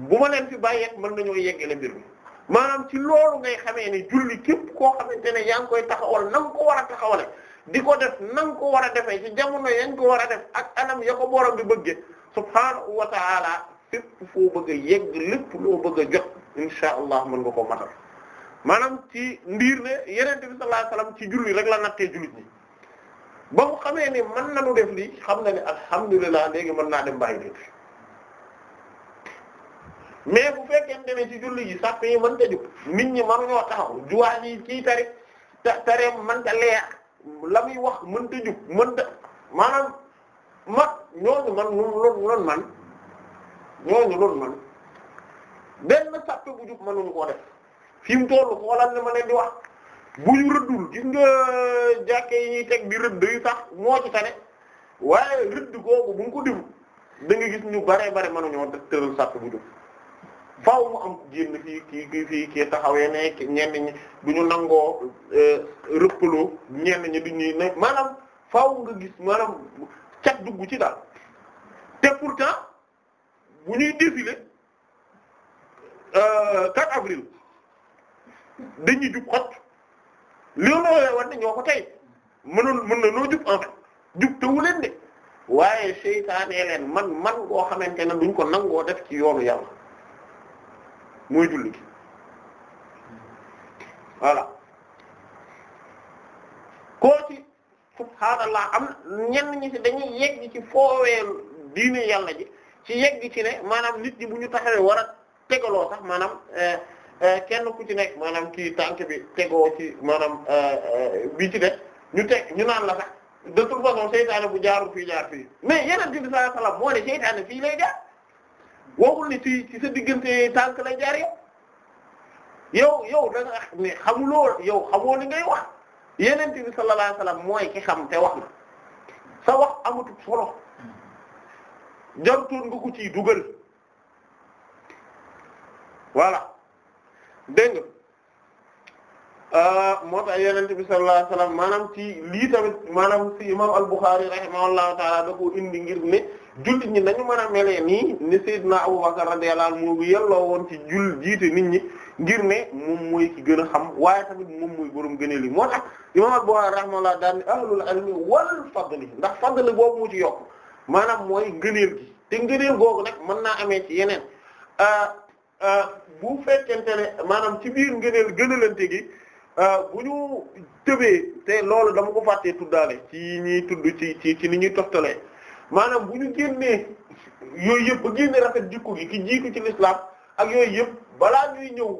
bu ma leen fi bàyyee mën nañoo yeggale mbir mi maanaam ci loolu ngay xamee ne julli képp koo xamante ne yaa ngi koy taxawal na nga ko war a taxawale di ko def na ko war a defee ci jamono yaa ngi ko war a def ak anam ya ko borom bi bëggee subhaanahu wa ta'ala fépp foo bëgg a yegg lépp loo bëgg a jot insha allah mën nga koo matal maanaam ci ndiir ne yenente bi sallallahu alayhi wasallam ci julli rek la nattee jullit ñi ba mu xamee man mën nañu def lii xam na ne alhamdulilah léegi mën naa dem bàyyi def mais bu fekkente ne ci julli ji sàpp yi man ta jóg nit ñi mënuñoo taxaw juwaa yi ciy tari tareem mën ta la muy wax mën ta mën ta maanaam ma ñooñu man nu loon loon man ñooñu loon man benn sàpp bu jóg mënuñu koo def fi mu tollu xoolal ne ma leen di wax bu ñu rëddul gis nga jàkke yi ñuy teg di rëdd yi sax moo ci tane waaye rëdd googu bu ñu ko diw da nga gis ñu bare bare mënuñoo tëral sàtt bu jóg faaw mu am génn fii kii kii fii kii taxawee ne ñenn ñi du ñu nangoo euh, rëppaloo ñenn ñi du ñuy ne maanaam faaw nga gis maanaam cat dugg ci daal te pourtant bu ñuy défilé 4 euh, avril dañuy jub xot loo loolee war ne ñoo ko tey mënoon mën na noo jub en ah, fait jub te wu leen de waaye seytaanee leen man man goo xamante ne duñ ko nangoo def ci yoonu yàlla mooy julli gi voilà koo ci subhaanallah am ñenn ñi ci dañuy yegg ci foowee diine yàlla ji ci yegg ci ne maanaam nit ñi bu ñu taxawee war tegaloo sax maanaam eh, Euh, kenn ku ci nekk maanaam kii tànk bi tegoo ci maanaam euh, euh, bi ci def ñu teg ñu naan la sax de toute façon seytaane bu jaarul fii jaar fii mais yeneen bi sallallahu alayhi wasallam moo ne seytaane fii lay jaar waxul ni ci sa diggante tànk lay jaar yow yow xamuloo yow xamoo li ngay wax yeneen bi sallallahu mooy ki xam te wax na sa wax amatul solo jarutoon nga ko ciy dugal voilà dégg nga ah, moo tax Yonent bi sallallahu alayhi wasallam maanaam ci lii tamit maanaam ci imam al-Bukhari rahimahullahu ta'ala da ko indi ngir ne jullit ñi dañu mën a melee nii ni Seydina Abubakar radiyallahu anhu mu yelloo woon ci jiite nit ñi ngir ne moom mooy ki gën xam waaye tamit moom mooy borom gënee li moo tax imam al-Bukhari rahimahullah daan ne ahlul ilmi wal fadli ndax fadli boobu mu ci yokk maanaam mooy ngëneel gi te ngëneel googu nag mën naa amee yeneen ah, Euh, bu fekkente ne maanaam ci biir ngëneel gënalante gi euh, bu ñu tëbee te loolu dama ko fàttee tuddaale ci ñi tudd ci ci ci ni ñuy toftalee maanaam bu ñu génnee yooyu yëpp ba génne rafet jikko gi ki jiitu ci lislaam ak yooyu yëpp balaa ñuy ñëw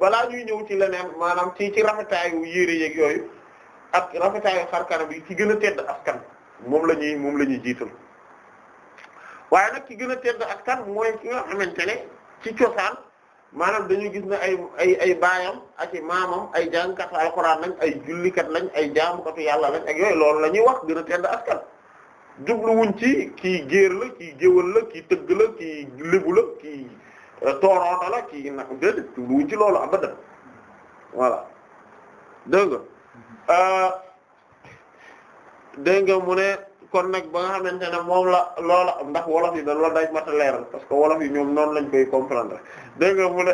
balaa ñuy ñëw ci leneen maanaam ci ci rafetaayu yére yeeg yooyu ak rafetaayu xar kanam bi ci gën a tedd askan moom la ñuy moom la ñuy jiital waaye nag ci gën a tedd askan mooy ki nga xamante ne ci cosaan maanaam dañu gis ne ay ay ay baayam ak maamam ay jàngkatu alxuraan lañ ay jullikat lañ ay jaamukatu yàlla lañ ak yooyu loolu la ñuy wax gën a tedd jubluwuñ ci kii géer la kii géwël la kii tëgg la kii lébu la kii euh, tooroota la kii na déedéet jubluwuñ ci loolu abadan voilà dégg nga euh, dégg nga mu ne kon nag ba nga xamante ne moom la loola ndax wolof yi da loolu day mat a leeral parce que wolof yi ñoom noonu lañ koy comprendre dégg nga mu ne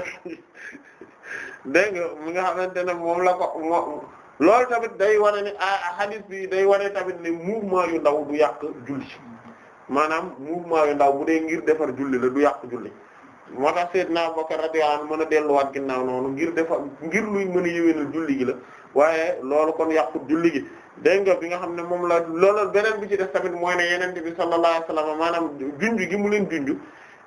dégg nga mi nga xamante ne moom la ko moom loolu tamit day wane ni ah hadith bi day wane tamit ni mouvement yu ndaw du yàq julli maanaam mouvement yu ndaw bu dee ngir defar julli la du yàq julli moo tax Seydina Abubakar radiyallahu anhu mën a delluwaat ginnaaw noonu ngir defar ngir luy mën a yéwénal julli gi la waaye loolu kon yàqu julli gi. dégg nga bi nga xam ne moom la loolu beneen bi ci def tamit mooy ne yenente bi sallallahu alayhi wasallam maanaam junj gi mu leen junj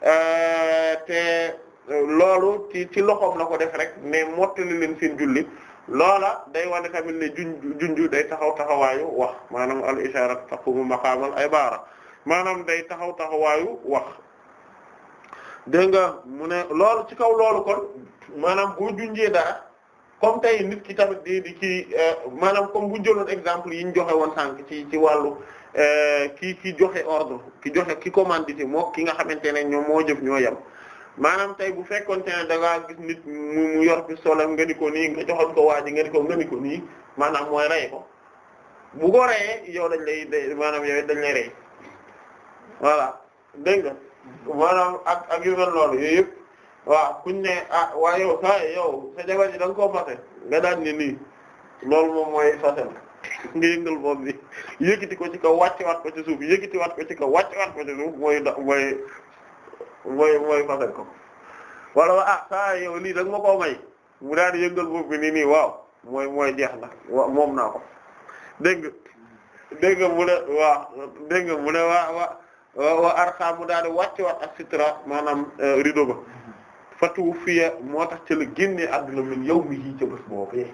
euh, te loolu ci ci loxoom la ko def rek ne mottali leen seen julli loola day wane tamit ne junj junj day taxaw taxawaayu wax maanaam al ma taqumu ay baara maanaam day taxaw taxawaayu wax dégg nga mu ne loolu ci kaw loolu kon maanaam boo junjee dara comme tey nit ki tamit di di ci euh, maanaam comme bu jëloon exemple yi ñu joxe woon sànq ci ci wàllu euh, ki ki joxe ordre ki joxe ki commandité moo ki nga xamante ne ñoom moo jëf ñoo yam maanaam tey bu fekkoon te ne da ngaa gis nit mu mu yor pistolam nga ni ko nii nga joxoon ko waa ji nga ni ko nga ni ko nii maanaam mooy rey ko bu ko reyee yow dañ lay day maanaam yow dañ lay rey voilà dégg maanaam ak ak yu mel noonu yooyu yëpp. waaw kuñ ne a ah, waa yow saa yow sa jabar ji da nga koo fase nga daan ni nii loolu moom mooy fase la nga yëngal bopp bi yëkkati ko ci kaw wàccewaat ko ci suuf yëkkatiwaat ko ci kaw wàccewaat ko ci suuf mooy da mooy mooy ko wala wa ah saa yow lii da ma koo may mu daan yëngal bopp bi nii nii waaw mooy mooy jeex na wa moom naa ko dégg nga mu ne waaw dégg mu ne waa wa wa arxaam mu daal di wat ak sitra maanaam euh, rido ba fatu fiya moo tax ci la génnee adduna min yawmihi ca bés boobee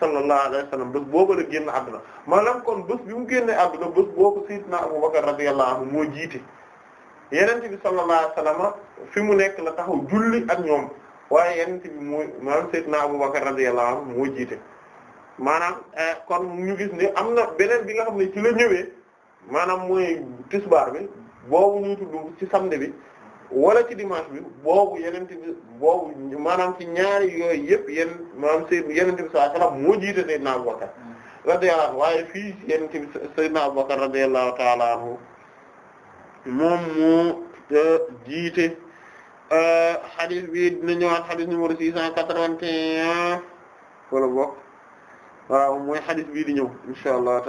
sallallahu alayhi wa sallam bés boobu la génn adduna maanaam kon bés bi mu génnee adduna bés boobu sayyidina Abu Bakr radiyallahu anhu moo jiite yenente bi sallallahu alayhi wa fi mu nekk la taxaw julli ak ñoom waaye yenente bi mooy maanaam sayyidina Abu Bakr radiyallahu anhu moo jiite maanaam eh, kon ñu gis ne am na beneen bi nga xam ne ci la ñëwee maanaam mooy tisbaar bi boobu ñuy tudd ci samedi bi wala ci dimanche bi boobu yenente bi boobu maanaam ci ñaari yooyu yëpp yéen maanaam seen yenente bi sallallahu moo jiite Seydina Abubakar radiyallahu anhu waaye fii yenente bi Seydina Abubakar radiyallahu ta'ala moom moo euh, jiite xadis euh, bi dina ñëwaat xadis numéro six cent quatre-vingt-un wala xadis bii di ñëw insha Allah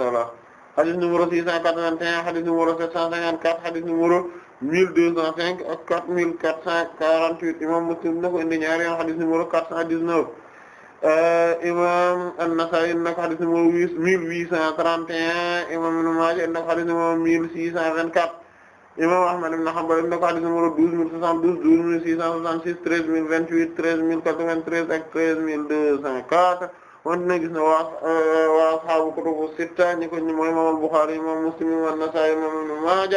xadis numéro six cent quatre vingt xadis numéro sept cent cinquante-quatre xadis numéro mille deux cent cinq ak quatre mille quatre cent quarante-huit imam Muslim na ko indi ñaari xadis numéro quatre cent dix-neuf euh, imam An-Nasa'i na ko xadis numéro mille huit cent trente et un imam Ibn Maaja na ko xadis numéro mille six cent vingt-quatre imam Ahmad ibn Hanbal na ko xadis numéro douze mille soixante-douze douze mille six cent soixante-six treize mille vingt-huit treize mille quatre-vingt-treize ak treize mille deux cent quatre wante na gis na waa euh, waa ashaabu kutubu sitta ñi ko mooy imam al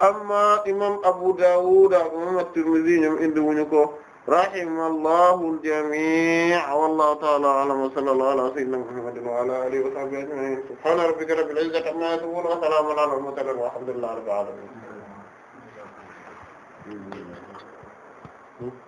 amma imam Abu Dawud ak imam At-Tirmidhi ñoom indi wuñu ko rahimallahu al-jami' wallahu ta'ala a'lam wa sallallahu ala sayyidina Muhammadin wa ala alihi wa sahbihi ajma'in subhana rabbika rabbil izzati amma yasifun wa salamun ala al-mursalin walhamdulillahi rabbil alamin